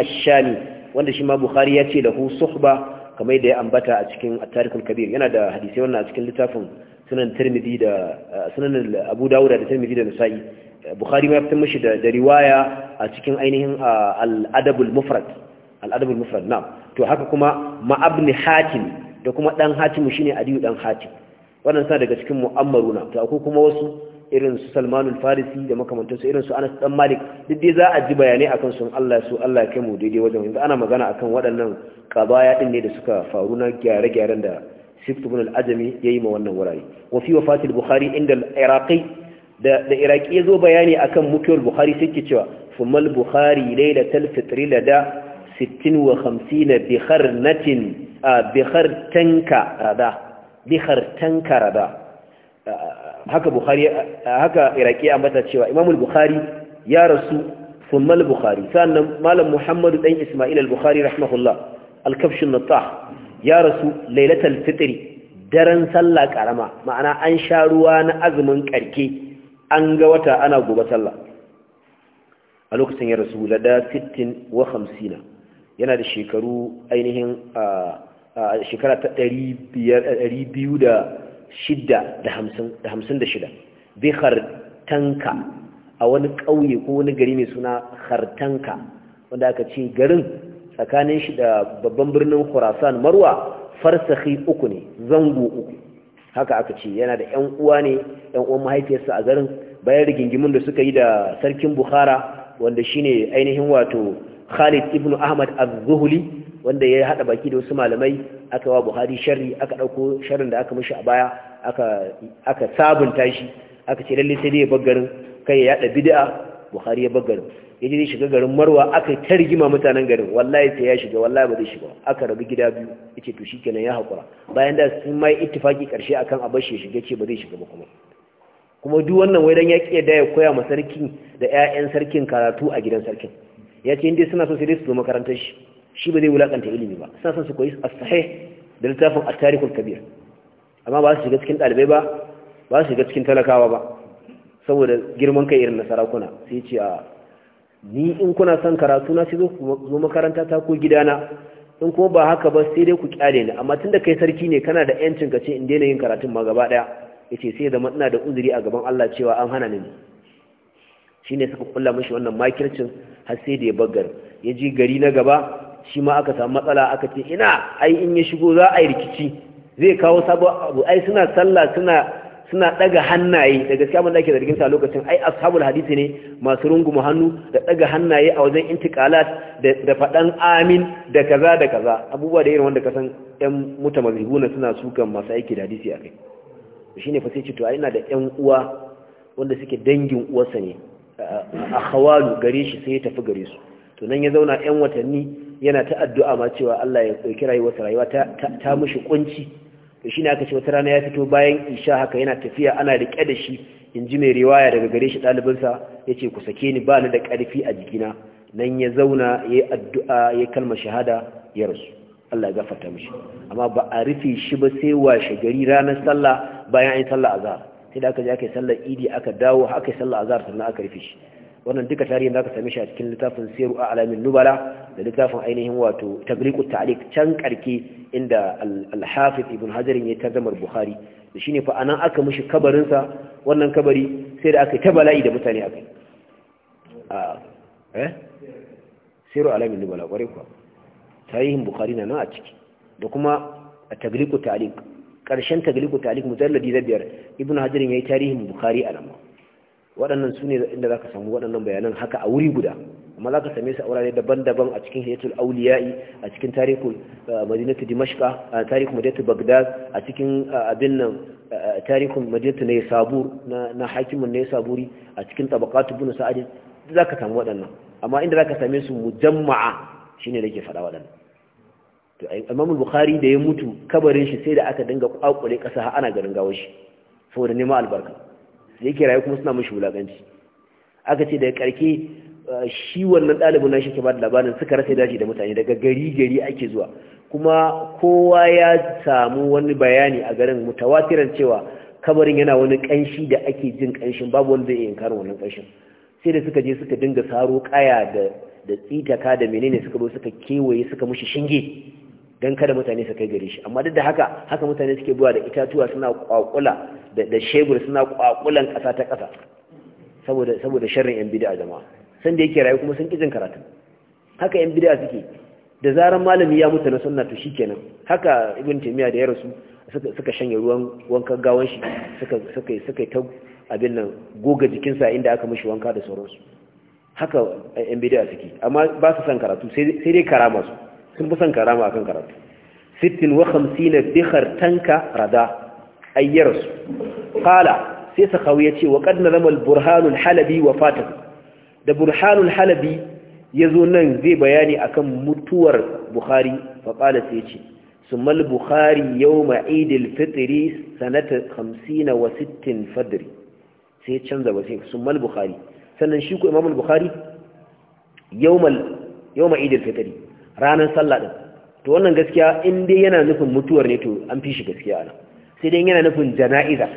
wanda shi ma ya ce da hu suhba kamar yadda ya ambata a cikin at kabir yana da hadisai wannan a cikin littafin sunan tirmidhi da sunan abu dawud da tirmidhi da ma ya fitar mashi da riwaya a cikin ainihin Al'adabul mufrad al'adabul mufrad na to haka kuma ma'abni hakim da kuma dan hatim shine adiyu dan hatim waɗansa daga cikin mu'ammaruna ta kuma wasu irin su salmanul farisi da makamantansu irin su anas dan malik duk dai za a ji bayanai akan su Allah su Allah ya kai mu daidai wajen yanzu ana magana akan waɗannan kabaya din ne da suka faru na gyare-gyaren da sift ibn al-ajami yayi ma wannan wurare wa fi wafatil bukhari inda al-iraqi da da iraqi bayani akan mukiyar bukhari sai ke cewa fumal bukhari lailatul fitr lada 56 bi kharnatin bi khartanka rada bihar karada haka bukhari haka iraki ambata cewa imamul bukhari ya rasu thumma al-bukhari sannan malam muhammad dan isma'il al-bukhari rahimahullah al-kafsh an-nattah ya rasu lailatul fitri daren sallah karama ma'ana an sha ruwa na azumin karke an ga wata ana gobe sallah a lokacin ya rasu lada sittin wa 50 yana da shekaru ainihin ah, a shekara ta ɗari biyu da da da shida hamsin shida bi hartanka a wani ƙauye ko wani gari mai suna hartanka wanda aka ce garin tsakanin shi da babban birnin khurasan marwa farsahi uku ne zango uku haka aka ce yana da 'yan uwa ne 'yan uwan mahaifiyarsa a garin bayan rigingimin da suka yi da sarkin bukhara wanda shine ainihin wato Khalid ibn Ahmad az-Zuhli wanda ya hada baki da wasu malamai aka wa Buhari sharri aka dauko sharrin da aka mishi a baya aka aka sabunta shi aka ce lalle sai dai baggarin kai ya yada bid'a Buhari ya baggarin yaje zai shiga garin Marwa aka tarjima mutanen garin wallahi sai ya shiga wallahi ba zai shiga aka rabu gida biyu yace to shikenan ya hakura bayan da sun mai ittifaki karshe akan a ya shiga ce ba zai shiga ba kuma kuma duk wannan wai dan ya kiyaye da ya koya ma sarkin da ƴaƴan sarkin karatu a gidan sarkin ya ce inda suna son su zo makarantar shi shi ba zai wulakanta ilimi ba suna son su koyi as-sahih da littafin at-tarikhul kabir amma ba su shiga cikin dalibai ba ba su shiga cikin talakawa ba saboda girman kai irin na sarakuna sai ce a ni in kuna son karatu na sai zo makaranta ta ko gidana in kuma ba haka ba sai dai ku kyale ni amma tunda kai sarki ne kana da yancin ka ce in daina yin karatun ma gaba daya yace sai zama ina da uzuri a gaban Allah cewa an hana ni shine suka kulla mashi wannan makircin har sai da ya bagar ya ji gari na gaba shi ma aka samu matsala aka ce ina ai in ya shigo za a yi rikici zai kawo sabo abu ai suna sallah suna suna daga hannaye da gaskiya da ake zargin sa lokacin ai ashabul hadisi ne masu rungumu hannu da daga hannaye a wajen intiqalat da da fadan amin da kaza da kaza abubuwa da irin wanda kasan ɗan mutamazhibuna suna sukan masu aiki da hadisi akai shine fa sai ce to ai ina da ɗan uwa wanda suke dangin uwarsa ne a Hawalu gare shi sai ya tafi gare su to nan ya zauna yan watanni yana ta addu'a ma cewa Allah ya ɗauki rayuwar rayuwa ta mushi kunci to shine aka ce wata rana ya fito bayan isha haka yana tafiya ana rike da shi in ji mai riwaya daga gare shi ɗalibinsa ya ce ku sake ni ba ni da ƙarfi a jikina nan ya zauna ya addu'a ya kalma shahada ya rasu Allah ya gafarta mishi amma ba a rufe shi ba sai washe gari ranar sallah bayan an yi sallah azhar sai da aka je aka yi sallar idi aka dawo aka yi sallar azhar sannan aka rufe shi wannan duka tarihin da aka same shi a cikin littafin siru a alamin nubala da littafin ainihin wato tabriku ta'liq can karke inda al-hafiz ibn hajar ya tarjamar bukhari da shine fa anan aka mishi kabarin sa wannan kabari sai da aka yi ta bala'i da mutane akai a eh siru alamin nubala kware kuwa tarihin bukhari na nan a ciki da kuma tabriku ta'liq ƙarshen tagliku talik mujalladi biyar Ibn hajarin yayi tarihin bukhari a nan waɗannan su ne inda za ka samu waɗannan bayanan haka a wuri guda amma za ka same su a wurare daban-daban a cikin hiyatul auliya'i a cikin tarihul madinatu Dimashka a tarihul madinatu bagdad a cikin abin nan tarihul madinatu ne sabur na hakimin ne saburi a cikin tabakatu ibn sa'id za ka samu waɗannan amma inda za ka same su mujamma'a shine ke faɗa waɗannan to Imam Bukhari da ya mutu kabarin shi sai da aka dinga kwakule kasa har ana garin gawo shi saboda neman albarka sai yake rayu kuma suna mishi wulakanci aka ce daga karke shi wannan ɗalibin nashi ke ba da labarin suka rasa daji da mutane daga gari gari ake zuwa kuma kowa ya samu wani bayani a garin mutawatirin cewa kabarin yana wani kanshi da ake jin kanshin babu wanda zai karin wannan kanshin sai da suka je suka dinga saro kaya da da tsitaka da menene suka zo suka kewaye suka mushi shinge don kada mutane su kai gare shi amma duk da haka haka mutane suke buwa da itatuwa suna kwakula da shebur suna kwakulan ƙasa ta kasa saboda sharrin yan bida jama'a san da yake rayu kuma sun kijin karatu haka yan bida suke da zarar malami ya mutu na sunna to kenan. haka ibn taymiya da ya rasu suka shanye ruwan wanka gawan shi suka suka suka ta abin nan goga jikinsa inda aka mishi wanka da sauransu haka yan bida suke amma ba su san karatu sai dai karama su sun fi son karama akan karatu sittin wa hamsina bihar tanka rada ayyarsu kala sai su sakawu ya ce wa kadna zama burhanul halabi wa fatan da Burhanun halabi ya zo nan zai bayani akan mutuwar bukhari faƙala sai ce ثم البخاري يوم wa sittin سنة sai canza ba سيتشنز وسيك ثم البخاري سننشيك إمام البخاري يوم, ال... يوم عيد fitiri. ranar sallah din to wannan gaskiya in dai yana nufin mutuwar ne to an fi shi gaskiya ana sai dai yana nufin jana'iza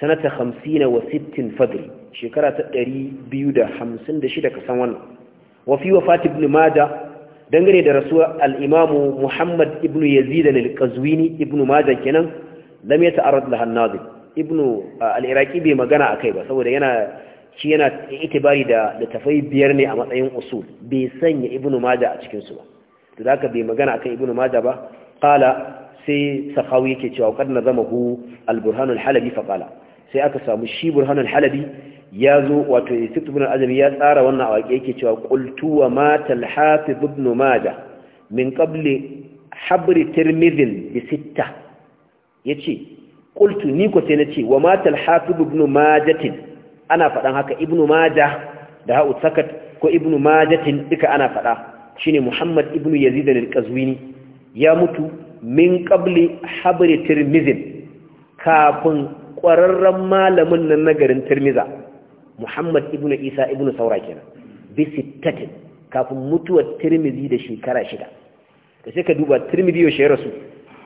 sanata 50 wa 60 fadri shekara ta 256 ka san wannan wa fi wafat ibn maja dangane da rasuwa al-imam muhammad ibn yazid al-qazwini ibn maja kenan lam yata'arrad lahan nadir ibn al-iraqi bai magana akai ba saboda yana shi yana itibari da littafai biyar ne a matsayin usul bai sanya ibnu maja a cikinsu ba to da ka bai magana akan ibnu maja ba kala sai sakhawi yake cewa kad na zama burhan alburhanun halabi fa sai aka samu shi burhanun halabi ya zo wato yusuf ibn ya tsara wannan awaki yake cewa kultu wa mata al-hafiz maja min kabli habri tirmidhin bi sitta yace kultu ni ko sai nace wa mata al-hafiz ibn majatin ana faɗan haka ibnu maja da ha'u sakat ko ibnu majatin duka ana faɗa shine muhammad ibnu yazid al-qazwini ya mutu min qabli habri tirmizi kafin ƙwararren malamin nan na garin tirmiza muhammad ibnu isa ibnu saura kenan bi sittatin kafin mutuwar tirmizi da shekara shida da sai ka duba tirmizi ya shayar su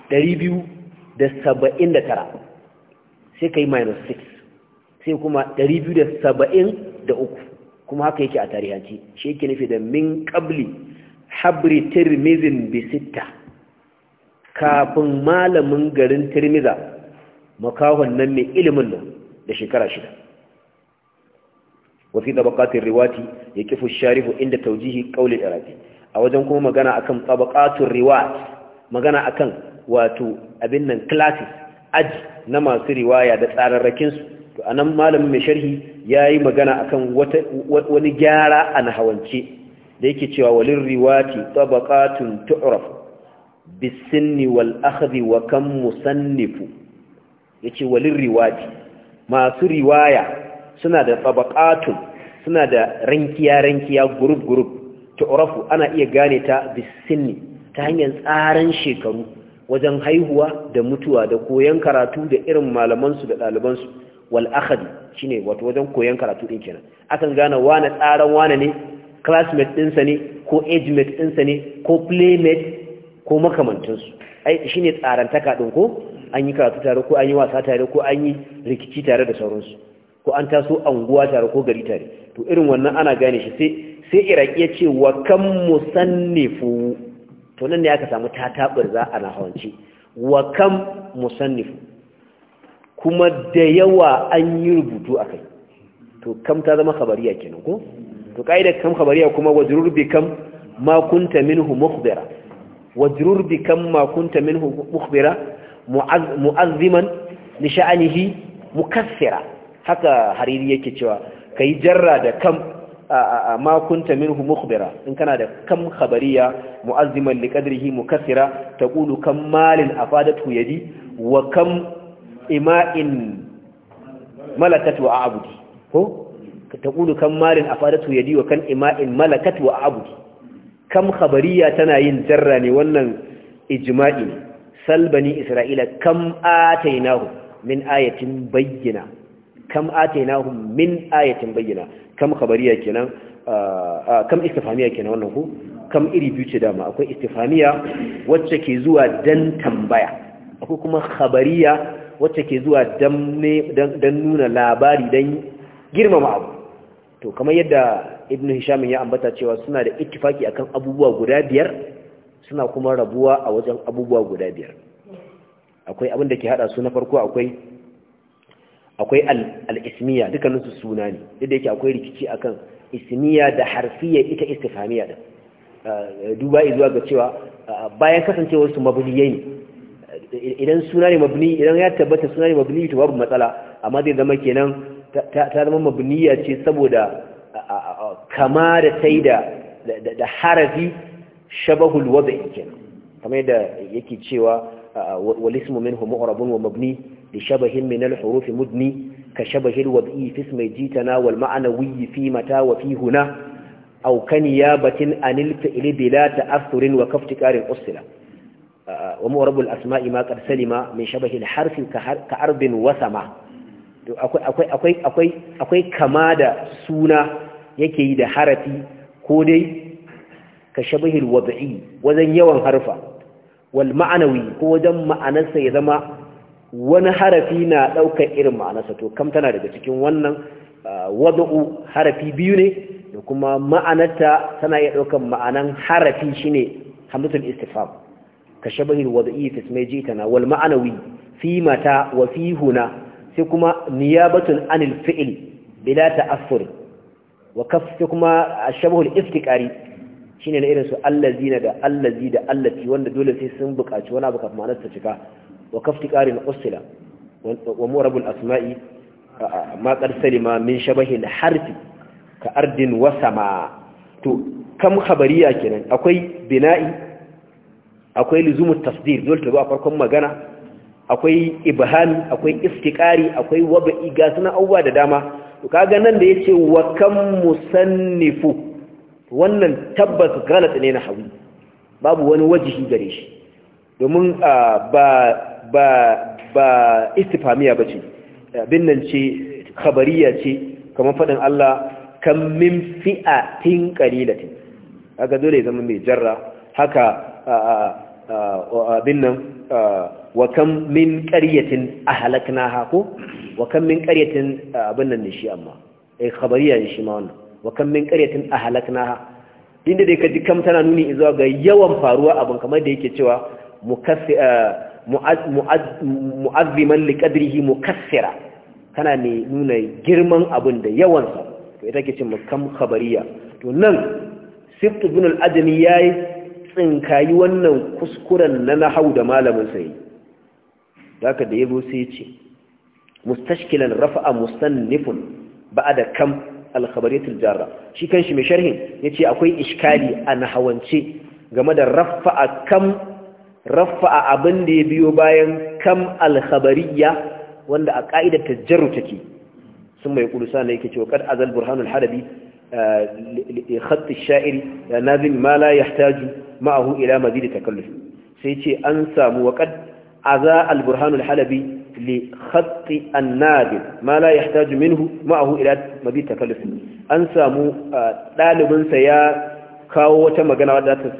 279 sai ka yi minus sai kuma 273 kuma haka yake a tarihanci shi yake nufi da min qabli habri tirmizin bisita kafin malamin garin tirmiza makahon nan mai ilimin nan da shekara shida wafi tabaqatir riwati yakifu sharifu inda taujihi qawli da a wajen kuma magana akan tabaqatur riwat magana akan wato abin nan classes aji na masu riwaya da tsararrakinsu to anan malamin mai sharhi yayi magana akan wani gyara a nahawance da yake cewa walin riwati tabaqatun tu'raf bisinni wal akhdhi wa kam musannifu yace walin riwati masu riwaya suna da tabaqatun suna da rankiya rankiya group group tu'rafu ana iya gane ta bisinni ta hanyar tsaran shekaru wajen haihuwa da mutuwa da koyon karatu da irin malamansu da ɗalibansu wal akhadi shine wato wajen koyon karatu din kenan akan gane wane tsaron wane ne classmate ɗinsa ne ko age mate ɗinsa ne ko playmate ko makamantansu ai shine tsarantaka din ko an yi karatu tare ko an yi wasa tare ko an yi rikici tare da sauransu ko an taso anguwa tare ko gari tare to irin wannan ana gane shi sai sai iraki ya ce wa kan musannifu to nan ne aka samu tatabar za a na nahawance wa kan musannifu kuma da yawa an yi rubutu a kai to kam ta zama khabariya kenan ko to ka'idar kam khabariya kuma wajrur bi kam ma kunta minhu mukhbira wajrur bi kam makunta kunta minhu mukhbira mu'azziman li sha'anihi mukaffira haka hariri yake cewa kai jarra da kam ma kunta minhu mukhbira in kana da kam khabariya mu'azziman li qadrihi mukaffira taqulu kam malin afadatu yadi wa kam ima'in malakatu a abudi ko ta kudu kan malin a fadatu yadi wa kan ima'in malakatu a abudi kam khabariya tana yin jarra ne wannan ijma'i ne salbani isra'ila kam atainahu min ayatin bayyina kam atainahu min ayatin bayyina kam khabariya kenan kam istifhamiya kenan wannan ko kam iri biyu ce dama akwai istifhamiya wacce ke zuwa dan tambaya akwai kuma khabariya wacce ke zuwa don nuna labari don girmama abu to kamar yadda ibn hisham ya ambata cewa suna da ittifaki akan abubuwa guda biyar suna kuma rabuwa a wajen abubuwa guda biyar akwai abin da ke hada su na farko akwai akwai al-ismiya su suna ne yadda yake akwai rikici akan ismiya da harfiya ita istifamiya din ah, duba izuwa ga cewa ah, bayan kasancewarsu mabuliyai ne idan suna ne mabni idan ya tabbata suna ne mabni to babu matsala amma zai zama kenan ta zama mabniya ce saboda kama da sai da da harafi shabahul wada'i kenan kamar yadda yake cewa wal ismu minhu mu'rabun wa mabni li shabahin min al huruf mudni ka shabahil wada'i fi ismi jitana wal ma'nawi fi mata wa fi huna aw kan yabatin anil fi'li bila ta'assurin wa kaftiqarin usla wa muwarabul asma'i ma qad salima min shabahi al-harfi ka akwai akwai akwai akwai kama da suna yake yi da harafi ko dai ka shabahi wadi wajen yawan harfa wal ma'anawi ko wajen ma'anarsa ya zama wani harafi na ɗaukar irin ma'anarsa to kam tana daga cikin wannan wadu'u harafi biyu ne da kuma ma'anarta tana iya ɗaukar ma'anan harafi shine hamdatul istifham كشبه الوضعي في اسمي جيتنا والمعنوي في متى وفي هنا سيكما نيابة عن الفعل بلا تأثر وكف سيكما الشبه الافتكاري shine na irin su allazina da allazi da allati wanda dole sai sun buƙaci wani abu kafin ma'anar ta cika wa kafti qarin usila wa murabul asma'i ma qad salima min shabahi harfi ka ardin to kam khabariya kenan akwai bina'i akwai lizumu tasdir dole ta zo a farkon magana akwai ibhami akwai istiqari akwai wabai ga suna abubuwa da dama to kaga nan da yace wa kam musannifu wannan tabbas galata ne na hawi babu wani wajihi gare shi domin ba ba ba istifamiya bace bin nan ce khabariya ce kamar faɗin Allah kam min fi'atin qalilatin kaga dole ya zama mai jarra haka abin nan wa kan min qaryatin ahlaknaha ko wa kan min ƙaryatin abin nan ne shi amma eh khabariya ne shi ma wannan wa kan min qaryatin ahlaknaha inda dai ka kam tana nuni zuwa ga yawan faruwa abin kamar da yake cewa mukassi mu'azziman mu kassira kana ne nuna girman abin da yawansa to ita ke ce kam khabariya to nan Sifto bin al ya yayi tsinkayi wannan kuskuren na nahau da malamin sai aka da yabo sai ce mustashkilan rafa'a ba'a da kam al-khabariyatul jarra shi shi mai sharhin ce akwai iskali a nahawance game da rafa'a kam rafa'a abin da ya biyo bayan kam alhabariya wanda a ka'idar tajarru take sun mai kudusa ne yake cewa kad azal burhanul harabi khatt shairi nazim ma la yahtaju ma'ahu ila mazid takalluf sai ce an samu waqad aza al-burhan al-halabi li khatt an-nazim ma la yahtaju minhu ma'ahu ila mazid takalluf an samu dalibin sa ya kawo wata magana wadda ta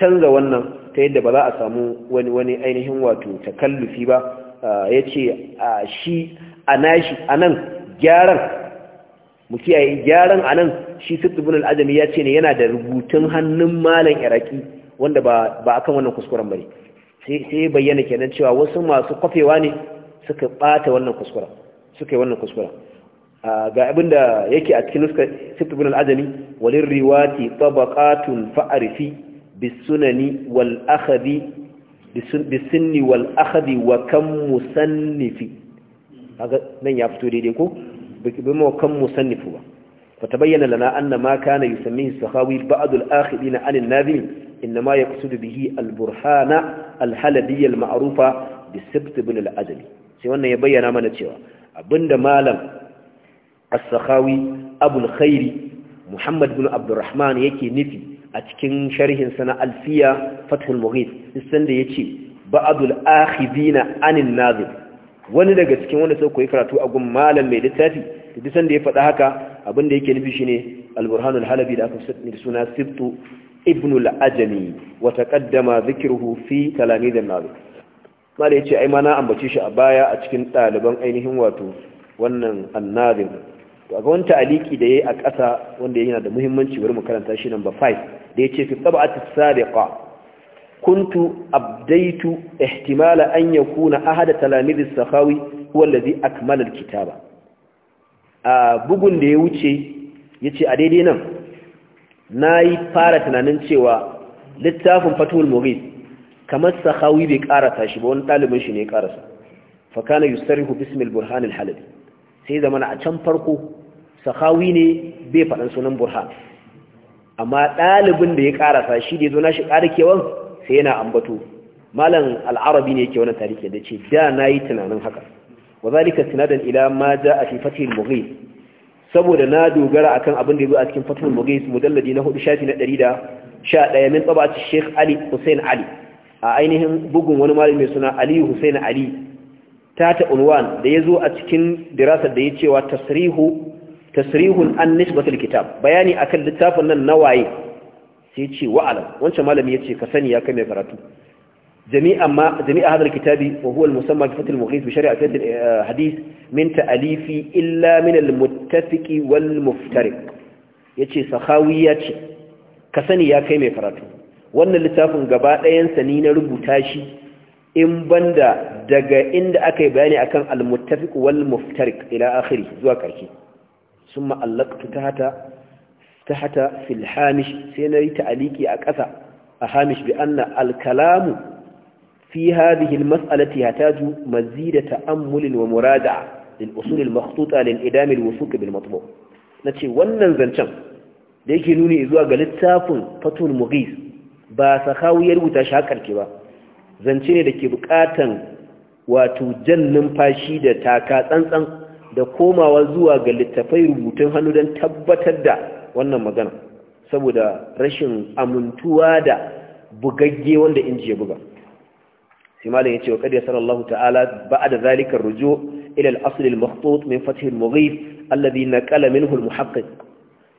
canza wannan ta yadda ba za a samu wani ainihin wato takallufi ba yace shi a nan gyaran mu kiyaye gyaran a nan shi sittubun al'adami ya ce ne yana da rubutun hannun malam iraki wanda ba akan wannan kuskuren bari sai bayyana kenan cewa wasu masu kwafewa ne suka bata wannan kuskuren suka yi wannan kuskuren ga abinda yake a cikin nuskar sittubun al'adami walin riwati tabaqatun fa'arifi bisunani wal akhadi wal akhadi wa kam musannifi nan ya fito daidai ko bimo kan musannifu ba fatabayyana lana anna ma kana yusammihi sahawi ba'd al-akhirin an an-nabiy inma yaqsud bihi al-burhana al-haladiy al-ma'rufa bi sai wannan ya bayyana mana cewa abinda malam as-sahawi abul khair muhammad ibn abdurrahman yake nufi a cikin sharhin sana al-fiya fathul mughith sai da yace ba'd al-akhirin an an wani daga cikin wanda sai koyi karatu a gun malam mai littafi da duk sanda ya faɗa haka abinda da yake nufi shine al-burhanul halabi da aka sani suna sibtu ibn al-ajami wa taqaddama dhikruhu fi talamid nabi mala yace ai ma na ambace shi a baya a cikin ɗaliban ainihin wato wannan annabin to a wani ta'aliki da yayi a ƙasa wanda yana da muhimmanci bari mu karanta shi number 5 da yace fi tabatis sabiqa kuntu abdaitu ihtimala an yakuna ahada talamiz as-sakhawi huwa alladhi akmala al-kitaba a bugun da ya wuce ya ce a daidai nan nayi fara tunanin cewa littafin fatul mughith kamar sakhawi bai karasa shi ba wani dalibin shi ne ya karasa fa kana yusarrihu bismi al-burhan al sai zamana a can farko sakhawi ne bai faɗan sunan burhan amma ɗalibin da ya karasa shi da ya zo nashi kewan? sai yana ambato malam al'arabi ne yake wani tarihi da ce da na yi tunanin haka wa zalika sinadan ila ma jaa fi fathil mughis saboda na dogara akan abin da yazo a cikin fathul mughis mudalladi na hudu shafi na 111 min tabati sheikh ali hussein ali a ainihin bugun wani malami mai suna ali hussein ali tata unwan da yazo a cikin dirasar da ya cewa tasrihu tasrihun an nisbatul kitab bayani akan littafin nan nawaye sai ce wa'alam wancan malami ya ce ka sani ya kai mai karatu jami'a ma jami'a hadal kitabi wa huwa al-musamma bi fatil mughis bi shari'ati eh, hadith min ta'alifi illa min al-muttafiqi wal muftariq yace sahawi ya ce ka sani ya kai mai karatu wannan littafin gaba ɗayan sa ni na rubuta shi in banda daga inda aka yi bayani akan al-muttafiq wal muftariq ila akhiri zuwa karshe summa ta tahta tahta hata hamish sai na yi ta'aliki a ƙasa a hamish bi anna alkalamu fi hadhihi al mas'alati hataju mazida ta'ammul wa murada'a lil usul al makhtuta lil idam al bil matbu nace wannan zancen da yake nuni zuwa ga littafin fatul mughis ba sakawi ya rubuta shi hakarke ba zance ne da ke bukatan wato jan numfashi da taka tsantsan da komawa zuwa ga littafai rubutun hannu don tabbatar da wannan magana saboda rashin amintuwa da bugagge wanda inji ya buga sai malam ce wa qadiya sallallahu ta'ala ba'da zalika ar-ruju' ila al-asl makhtut min fath al-mughith alladhi naqala minhu al-muhaqqiq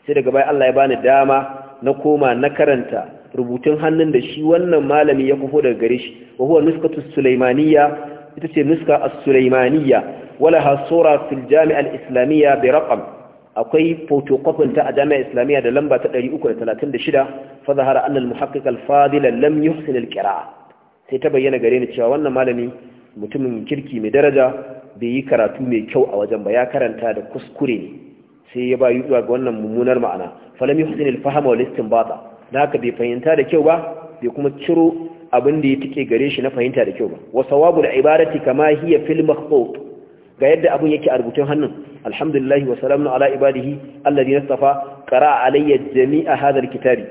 sai daga bai Allah ya bani dama na koma na karanta rubutun hannun da shi wannan malami ya kufo daga gare shi wa huwa nuskatu sulaimaniyya ita ce nuska as-sulaimaniyya wala hasura fil jami' al-islamiyya bi raqam akwai photocopy ta a jami'ar islamiyya da lamba ta 336 fa zahara annal muhaqqiq al-fadil lam yuhsin al-qira'a sai ta bayyana gare ni cewa wannan malami mutumin kirki mai daraja bai yi karatu mai kyau a wajen ba ya karanta da kuskure ne sai ya ba yi zuwa ga wannan mummunar ma'ana falam yuhsin al-fahm wal istinbata da haka bai fahimta da kyau ba bai kuma ciro abin da ya tike gare shi na fahimta da kyau ba wa sawabul ibarati kama hiya fil makhṭut ga yadda abun yake a rubutun hannun alhamdulillahi wa salamun ala ibadihi alladhi nastafa qara alayya jami'a hadha alkitabi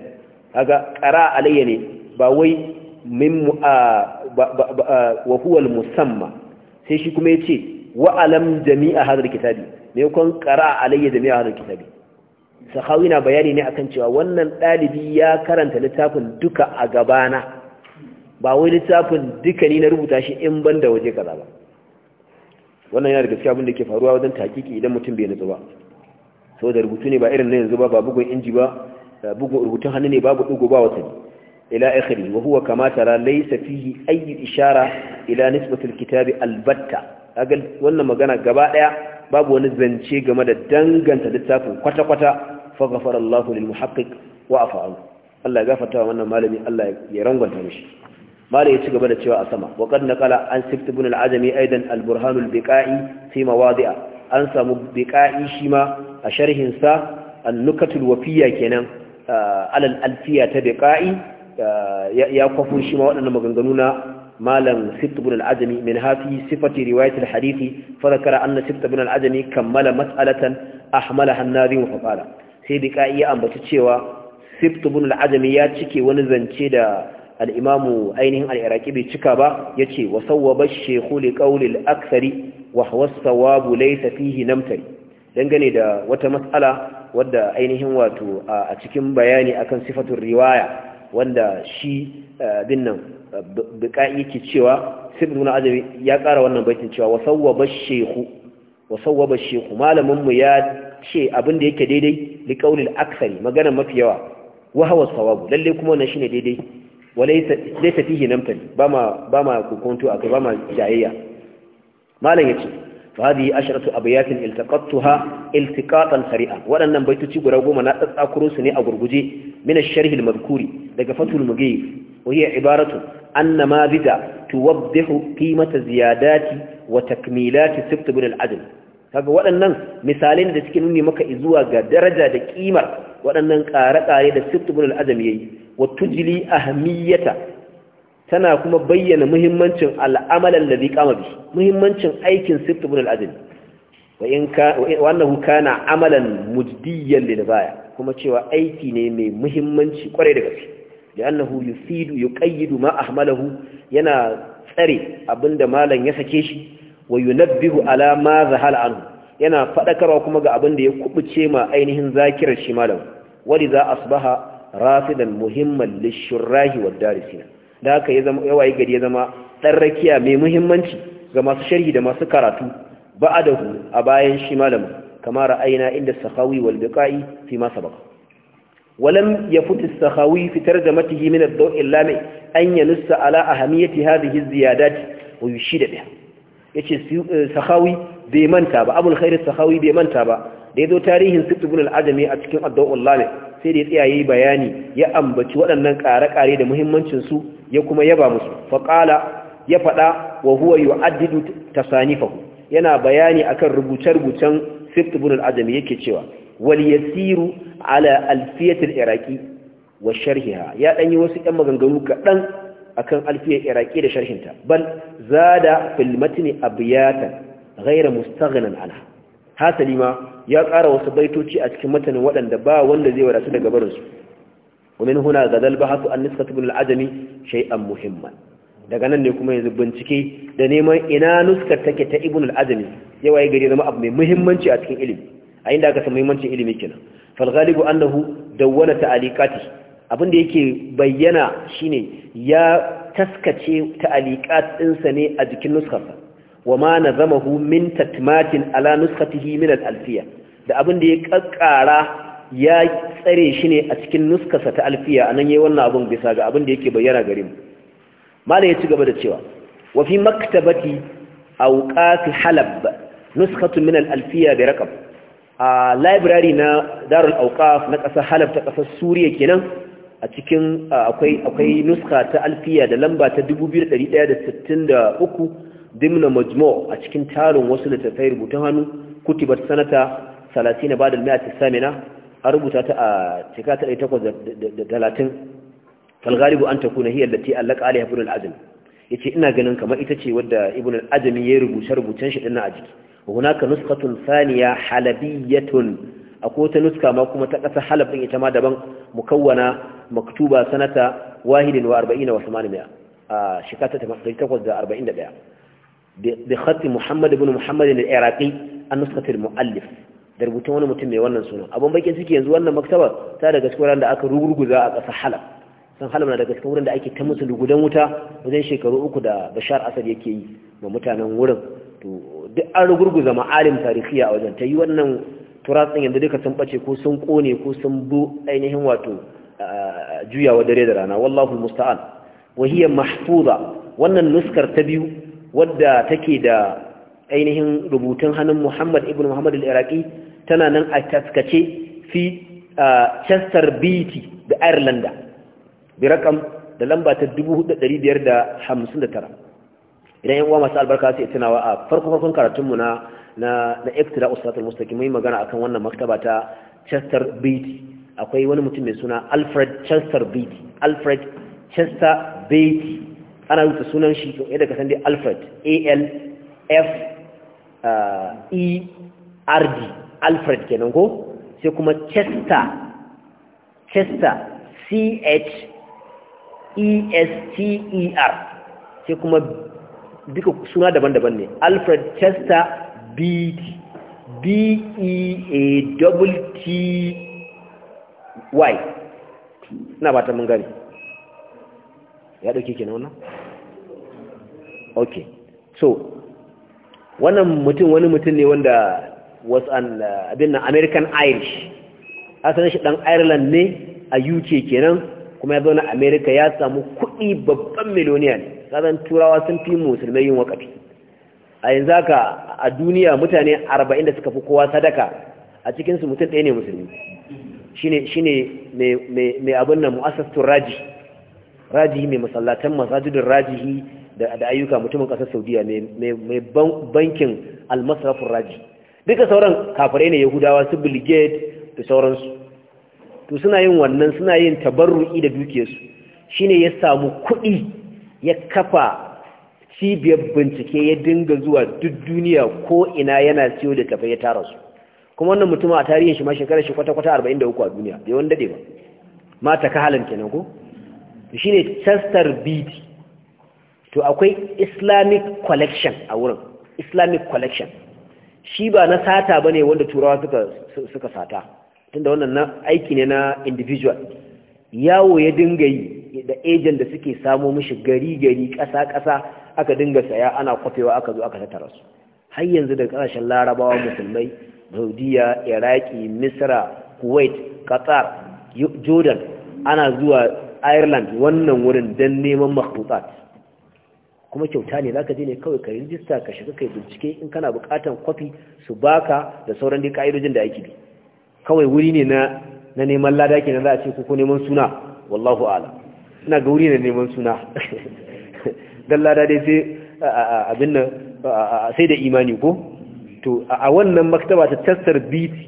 kaga qara alayya ne ba wai min wa huwa almusamma sai shi kuma ya ce alam jami'a hadha alkitabi ne kon qara alayya jami'a hadha alkitabi sahawi na bayani ne akan cewa wannan dalibi ya karanta littafin duka a gabana ba wai littafin duka ni na rubuta shi in banda waje kaza ba wannan yana da gaskiya abin da ke faruwa wajen takiki idan mutum bai nutsu ba da rubutu ne ba irin na yanzu ba ba bugun inji ba bugun rubutun hannu ne babu dugu ba wata ila akhiri wa huwa kama tara laysa fihi ishara ila nisbati alkitabi albatta aga wannan magana gaba daya babu wani zance game da danganta littafin kwata kwata fa ghafara Allahu lil muhaqqiq wa afa Allah ya gafarta wannan malami Allah ya rangwanta mishi mala ya ci gaba da cewa a sama wakar qad naqala an sibt ibn al-ajami aidan al-burhan al-biqai fi mawadi'a an samu biqai shi ma a sharhin sa an-nukatul wafiyya kenan ah, alal alfiya ta biqai ah, ya kwafo shima ma waɗannan maganganu na malam sibt ibn al-ajami min hafi sifati riwayat al fara fa dhakara anna sibt ibn al-ajami kammala mas'alatan ahmalaha an-nadhi wa faqala sai biqai ya ambaci cewa sibt ibn al-ajami ya cike wani zance da al'imamu ainihin al'iraki bai cika ba ya ce wa sauwaba shekhu li ƙaunil aksari wa wasawabu laisa fihi namtari dangane da wata matsala wadda ainihin wato a cikin bayani akan sifatun riwaya wanda shi bin nan cewa sibin nuna azumi ya ƙara wannan baitin cewa wa sauwaba shekhu malaminmu ya ce abin da yake daidai li ƙaunil aksari magana mafi yawa wa hawa sawabu lallai kuma wannan shine daidai walaisa fihi namtali ba ma kukuntu ba ma jayayya malam ya ce fa hadhihi ashratu abyatin iltaqattuha iltiqatan sari'a Waɗannan baituci guda goma na tsatsakuro su ne a gurguje min ash-sharh daga fatul mughayyib wa hiya ibaratu anna ma bida tuwaddihu qimata ziyadati wa takmilati sibt bil al kaga waɗannan misalin da cikin nuni maka zuwa ga daraja da ƙimar waɗannan kare kare da sibt bil al-adl yayi wa tujli ahmiyata tana kuma bayyana muhimmancin al'amal alladhi kama bi muhimmancin aikin sitt ibn al wa in amalan mujdiyan lil baya kuma cewa aiki ne mai muhimmanci kware da gaske li'annahu yufidu yuqayyidu ma ahmalahu yana tsare abinda malan ya sake shi wa yunabbihu ala ma zahal anhu yana faɗakarwa kuma ga abinda ya kubuce ma ainihin zakirar shi malam wali za asbaha rafidan muhimman lishirrahi wa darisina da haka ya zama yawaye gari ya zama ɗan rakiya mai muhimmanci ga masu sharhi da masu karatu ba a bayan shi malamin kama ra'ayina inda sakhawi wal biqai fi ma sabaqa ولم يفت السخاوي في ترجمته من الضوء اللامع أن ينص على أهمية هذه الزيادات ويشيد بها yace eh, sakhawi bai manta ba abul khair sakhawi bai manta ba da ya zo tarihin sitibun al'adami a cikin addu'ul lame sai da ya tsayaye bayani ya ambaci waɗannan ƙare-ƙare da muhimmancinsu ya kuma yaba musu faƙala ya faɗa wa huwa yi addidu tasanifahu yana bayani akan rubuce-rubucen sitibun al'adami yake cewa wal yasiru ala alfiyatul iraki wa sharhiha ya ɗanyi wasu ‘yan maganganu kaɗan akan alfiyar iraki da sharhinta bal zada filmatini abiyatan ghaira mustaghnan anha hasali ma ya ƙara wasu baitoci a cikin matanin waɗanda ba wanda zai wadatu daga barinsu ومن هنا غدا البحث عن نسخة ابن shai an muhimman. daga nan ne kuma yanzu bincike da neman ina nuskar take ta ibn al yawa ya gari zama abu mai muhimmanci a cikin ilimi a inda aka san muhimmancin ilimi kenan fal ghalibu annahu dawwana ta'aliqati abin da yake bayyana shine ya taskace ta'aliqat ɗinsa ne a jikin nuskar wa zama nazamahu min tatmatin ala nuskatihi min alfiya da abin da ya kakkara ya tsare shi ne a cikin nuskasa ta alfiya anan yi wannan abin bisa ga abin da yake bayyana gare mu malai ya ci gaba da cewa wa fi maktabati awqat halab nuskhatun min al bi raqab a library na darul awqaf na kasar halab ta kasar suriya kenan a cikin akwai akwai nuska ta alfiya da lamba ta 2163 dimna majmu' a cikin tarin wasu littattafai rubutun hannu kutibat sanata 30 ba'da al-mi'ati samina an rubuta ta a cika ta 830 fal ghalibu an takuna hiya allati allaka alaiha ibn al-azm yace ina ganin kamar ita ce wadda ibn al-azm ya rubuta rubutun shi dinnan a jiki hunaka nuskhatun thaniya halabiyatun akwai ta nuska ma kuma ta kasa halab din ita ma daban mukawwana maktuba sanata 41 wa 800 a shekata 1841 بخط محمد بن محمد العراقي النسخة المؤلف da rubutun wani mutum mai wannan suna abun bakin ciki yanzu wannan maktaba ta da cikin wurin da aka rugurguza a ƙasar Halam. san Halam na da gaske wurin da ake ta musu lugudan wuta wajen shekaru uku da bashar asad yake yi ma mutanen wurin to duk an rugurguza ma'alim tarihiya a wajen ta yi wannan turatsin yanzu duka sun bace ko sun kone ko sun bu ainihin wato juyawa dare da rana wallahu musta'an wahiyar mahfuza wannan nuskar ta biyu wadda take da ainihin rubutun hannun Muhammad ibn Muhammad al-Iraqi tana nan a taskace fi Chester Beatty da Ireland bi rakam da lamba ta 4559 idan yan uwa masu albarka sai tunawa a farko farkon karatunmu na na na Iqtida Usratul Mustaqim mai magana akan wannan maktaba ta Chester Beatty akwai wani mutum mai suna Alfred Chester Beatty Alfred Chester Beatty ana rubuta sunan shi to yadda ka san dai alfred a l f e r d alfred kenan ko sai kuma chester chester c h e s t e r sai kuma duka suna daban-daban ne alfred chester b e b e a w t y na ba ta mun gani ya dauke na wannan okay so wannan mutum wani mutum ne wanda was an uh, abin na American Irish asalin shi dan Ireland ne a UK kenan kuma ya zauna America ya samu kuɗi babban miliyoniya ne sazan turawa sun fi musulmai yin wakafi a yanzu haka a duniya mutane 40 da suka fi kowa sadaka a cikinsu mutum ɗaya ne musulmi shine shine mai abin na mu'asas raji rajihi mai masallatan masajidin rajihi da ayyuka mutumin kasar saudiya mai bankin almasarafin raji duka sauran kafirai ne yahudawa su bilgate da sauransu to suna yin wannan suna yin tabarru'i da dukiyarsu Shi ne ya samu kuɗi ya kafa cibiyar bincike ya dinga zuwa duk duniya ko ina yana siyo da kafa ya tara su kuma wannan mutum a tarihin shi ma shekarar shi kwata-kwata 43 a duniya bai wani dade ba mata ka halin kenan ko shi shine Chester Beatty to akwai Islamic collection a wurin Islamic collection shi ba na sata ba ne wanda turawa suka suka sata tunda wannan aiki ne na individual yawo ya dinga yi da ejen da suke samo mishi gari gari ƙasa ƙasa aka dinga saya ana kwafewa aka zo aka tattara su har yanzu da kasashen larabawa musulmai saudiya iraki misra kuwait qatar jordan ana zuwa ireland wannan wurin don neman makhlutat kuma kyauta ne za ka je ne kawai ka rijista ka shiga kai bincike in kana bukatan kwafi su baka da sauran dai ka'idojin da ake bi kawai wuri ne na neman lada kenan za a ce ko neman suna wallahu ala ina ga wuri ne neman suna [laughs] dan lada dai sai abin nan sai da imani ko to a wannan maktaba ta tasar biti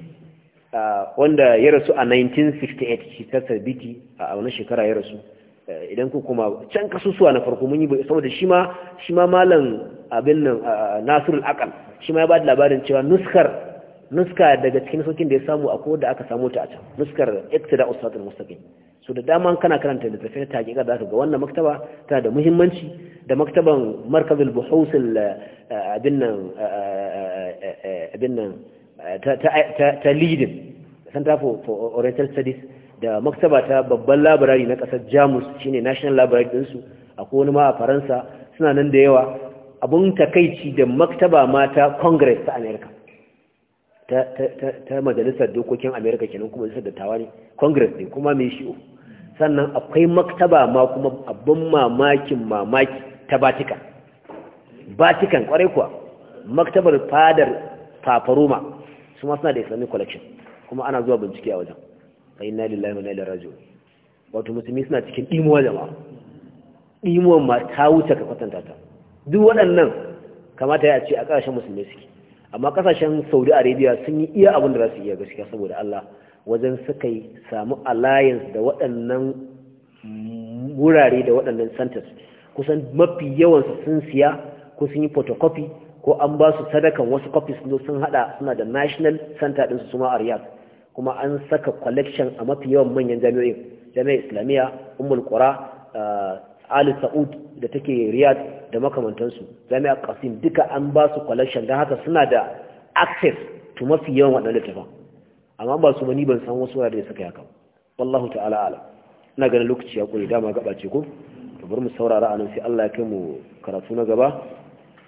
Ah, wanda ya rasu a 1968 shi ta biki a wani shekara ya rasu eh, idan ku kuma can kasusuwa na farko mun yi bai saboda shi ma shi ma malam abin nan ah, ah, nasiru akal shi ma ya ba da labarin cewa nuskar nuska daga cikin sokin da ya samu a ko da aka samu ta a can nuskar iktida ustadul mustaqim so da dama kana karanta da tafiya ta hakika zaka ga wannan maktaba tana da muhimmanci da maktaban markazin buhus eh, eh, abin nan abin nan ta leading center for, oriental studies da maktaba ta babban labarari na kasar jamus shine national library dinsu a wani ma a faransa suna nan da yawa abun takaici da maktaba ma ta congress ta america ta, majalisar dokokin america kenan kuma majalisar dattawa ne congress ne kuma mai shi'o sannan akwai maktaba ma kuma abin mamakin mamaki ta batikan batikan kwarai kuwa maktabar fadar fafaroma su ma suna da islamic collection kuma ana zuwa bincike a wajen fa inna lillahi wa inna wato musulmi suna cikin imuwa jama'a imuwa ma ta wuce ka kwatanta ta duk waɗannan kamata ya ce a ƙasashen musulmi suke amma ƙasashen saudi arabia sun yi iya abin da za su iya gaskiya saboda allah wajen suka yi samu alliance da waɗannan wurare da waɗannan centers kusan mafi yawansa sun siya ko sun yi photocopy ko an ba su sadakan wasu copies ne sun hada suna da national center din su suma a riyadh kuma an saka collection a mafi yawan manyan jami'o'in jami'a islamiyya ummul qura eh, ali sa'ud da take riyad da makamantansu jami'a qasim duka an ba su collection don haka suna da access to mafi yawan waɗannan littafan amma ba su bani ban san wasu wurare da suka yaka wallahu ta'ala ala ina ganin lokaci ya kure dama gaba ce ko to bari mu saurara anan sai Allah ya kai mu karatu na gaba